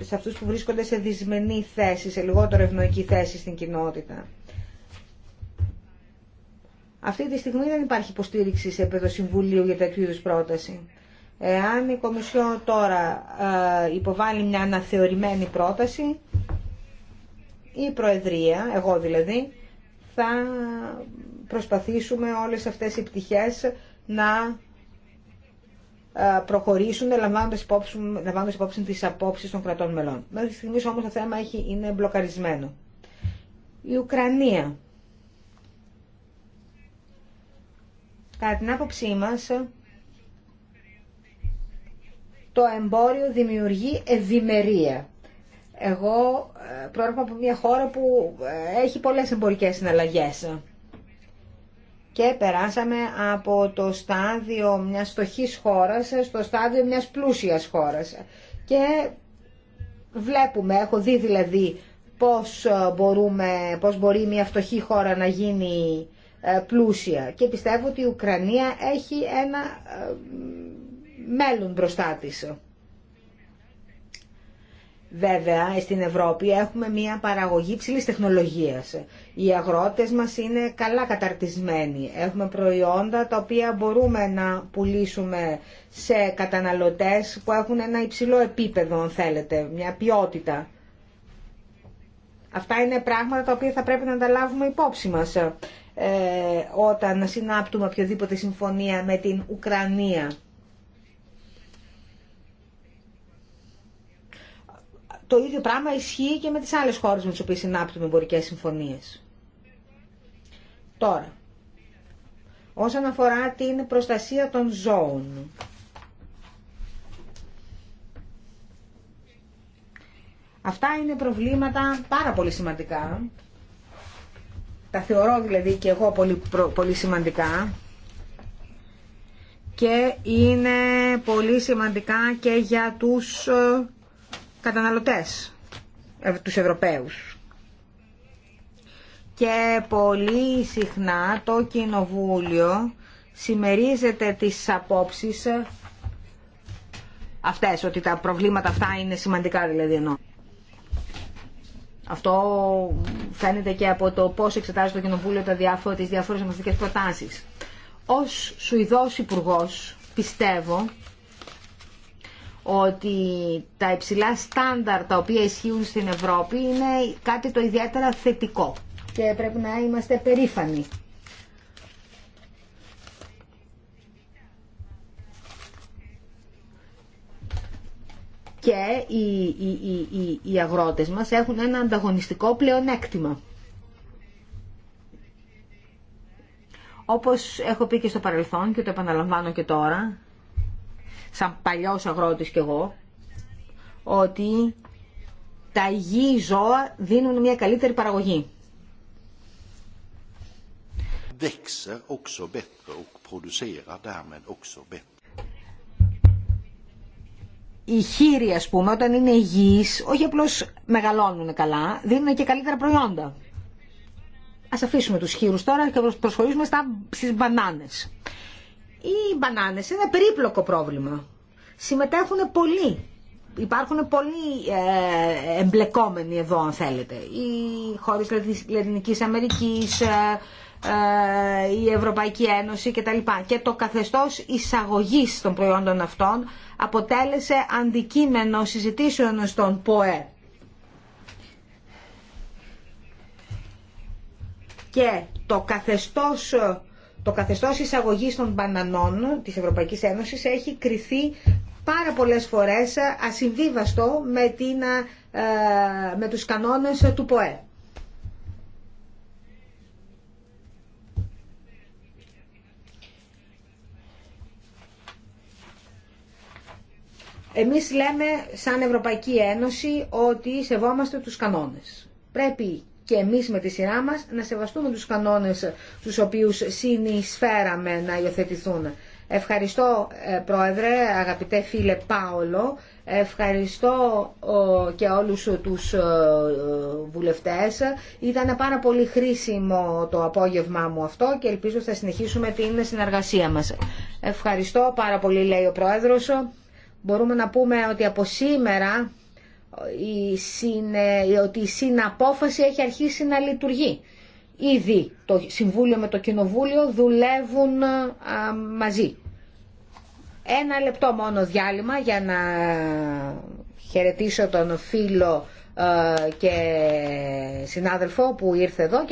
σε αυτούς που βρίσκονται σε δυσμενή θέση, σε λιγότερο ευνοϊκή θέση στην κοινότητα. Αυτή τη στιγμή δεν υπάρχει υποστήριξη σε επίπεδο συμβουλίου για τέτοιου είδου πρόταση. Εάν η Κομισιόν τώρα ε, υποβάλει μια αναθεωρημένη πρόταση, η Προεδρία, εγώ δηλαδή, θα προσπαθήσουμε όλες αυτές οι πτυχές να ε, προχωρήσουν λαμβάνοντας υπόψη, λαμβάνοντας υπόψη τις απόψεις των κρατών μελών. Μέχρι στιγμής όμως το θέμα έχει, είναι μπλοκαρισμένο. Η Ουκρανία. Κατά την άποψή μας, το εμπόριο δημιουργεί ευημερία. Εγώ ε, προέρχομαι από μια χώρα που ε, έχει πολλές εμπορικές συναλλαγές και περάσαμε από το στάδιο μιας φτωχής χώρας ε, στο στάδιο μιας πλούσιας χώρας. Και βλέπουμε, έχω δει δηλαδή πώς, μπορούμε, πώς μπορεί μια φτωχή χώρα να γίνει πλούσια και πιστεύω ότι η Ουκρανία έχει ένα μέλλον μπροστά της. Βέβαια, στην Ευρώπη έχουμε μια παραγωγή ψηλή τεχνολογίας. Οι αγρότες μα είναι καλά καταρτισμένοι. Έχουμε προϊόντα τα οποία μπορούμε να πουλήσουμε σε καταναλωτές που έχουν ένα υψηλό επίπεδο, αν θέλετε, μια ποιότητα. Αυτά είναι πράγματα τα οποία θα πρέπει να τα λάβουμε υπόψη μας ε, όταν συνάπτουμε οποιοδήποτε συμφωνία με την Ουκρανία. Το ίδιο πράγμα ισχύει και με τις άλλες χώρες με τις οποίες συνάπτουμε εμπορικέ συμφωνίες. Τώρα, όσον αφορά την προστασία των ζώων. Αυτά είναι προβλήματα πάρα πολύ σημαντικά. Τα θεωρώ δηλαδή και εγώ πολύ, πολύ σημαντικά. Και είναι πολύ σημαντικά και για τους ε, καταναλωτές, ε, τους Ευρωπαίους. Και πολύ συχνά το Κοινοβούλιο συμμερίζεται τις απόψεις αυτές, ότι τα προβλήματα αυτά είναι σημαντικά δηλαδή ενώ. Αυτό φαίνεται και από το πώς εξετάζει το Κοινοβούλιο τα διαφό τις διάφορες προτάσεις. Ως Σουηδός υπουργό πιστεύω ότι τα υψηλά στάνταρ τα οποία ισχύουν στην Ευρώπη είναι κάτι το ιδιαίτερα θετικό και πρέπει να είμαστε περήφανοι. Και οι, οι, οι, οι αγρότες μας έχουν ένα ανταγωνιστικό πλεονέκτημα. Όπως έχω πει και στο παρελθόν και το επαναλαμβάνω και τώρα, σαν παλιός αγρότης κι εγώ, ότι τα υγιή ζώα δίνουν μια καλύτερη παραγωγή. Οι χείροι, α πούμε, όταν είναι υγιεί, όχι απλώ μεγαλώνουν καλά, δίνουν και καλύτερα προϊόντα. Α αφήσουμε του χείρου τώρα και προσχωρήσουμε στι μπανάνε. Οι μπανάνες είναι ένα περίπλοκο πρόβλημα. Συμμετέχουν πολλοί. Υπάρχουν πολλοί ε, εμπλεκόμενοι εδώ, αν θέλετε. Οι χώρες Λατινικής Αμερικής, ε, ε, η Ευρωπαϊκή Ένωση κτλ. Και το καθεστώς εισαγωγής των προϊόντων αυτών αποτέλεσε αντικείμενο συζητήσεων στον ΠΟΕ. Και το καθεστώς το καθεστώς εισαγωγή των μπανανών της Ευρωπαϊκής Ένωσης έχει κριθεί πάρα πολλές φορές ασυμβίβαστο με, την, ε, με τους κανόνες του ΠΟΕ. Εμείς λέμε σαν Ευρωπαϊκή Ένωση ότι σεβόμαστε τους κανόνες. Πρέπει και εμείς με τη σειρά μας να σεβαστούμε τους κανόνες τους οποίους συνεισφέραμε να υιοθετηθούν. Ευχαριστώ ε, Πρόεδρε, αγαπητέ φίλε Πάολο, ευχαριστώ και όλους τους ε, βουλευτές. Ήταν πάρα πολύ χρήσιμο το απόγευμά μου αυτό και ελπίζω θα συνεχίσουμε την συνεργασία μας. Ευχαριστώ πάρα πολύ λέει ο Πρόεδρος. Μπορούμε να πούμε ότι από σήμερα ότι η συναπόφαση έχει αρχίσει να λειτουργεί. Ήδη το Συμβούλιο με το Κοινοβούλιο δουλεύουν μαζί. Ένα λεπτό μόνο διάλειμμα για να χαιρετήσω τον φίλο και συνάδελφο που ήρθε εδώ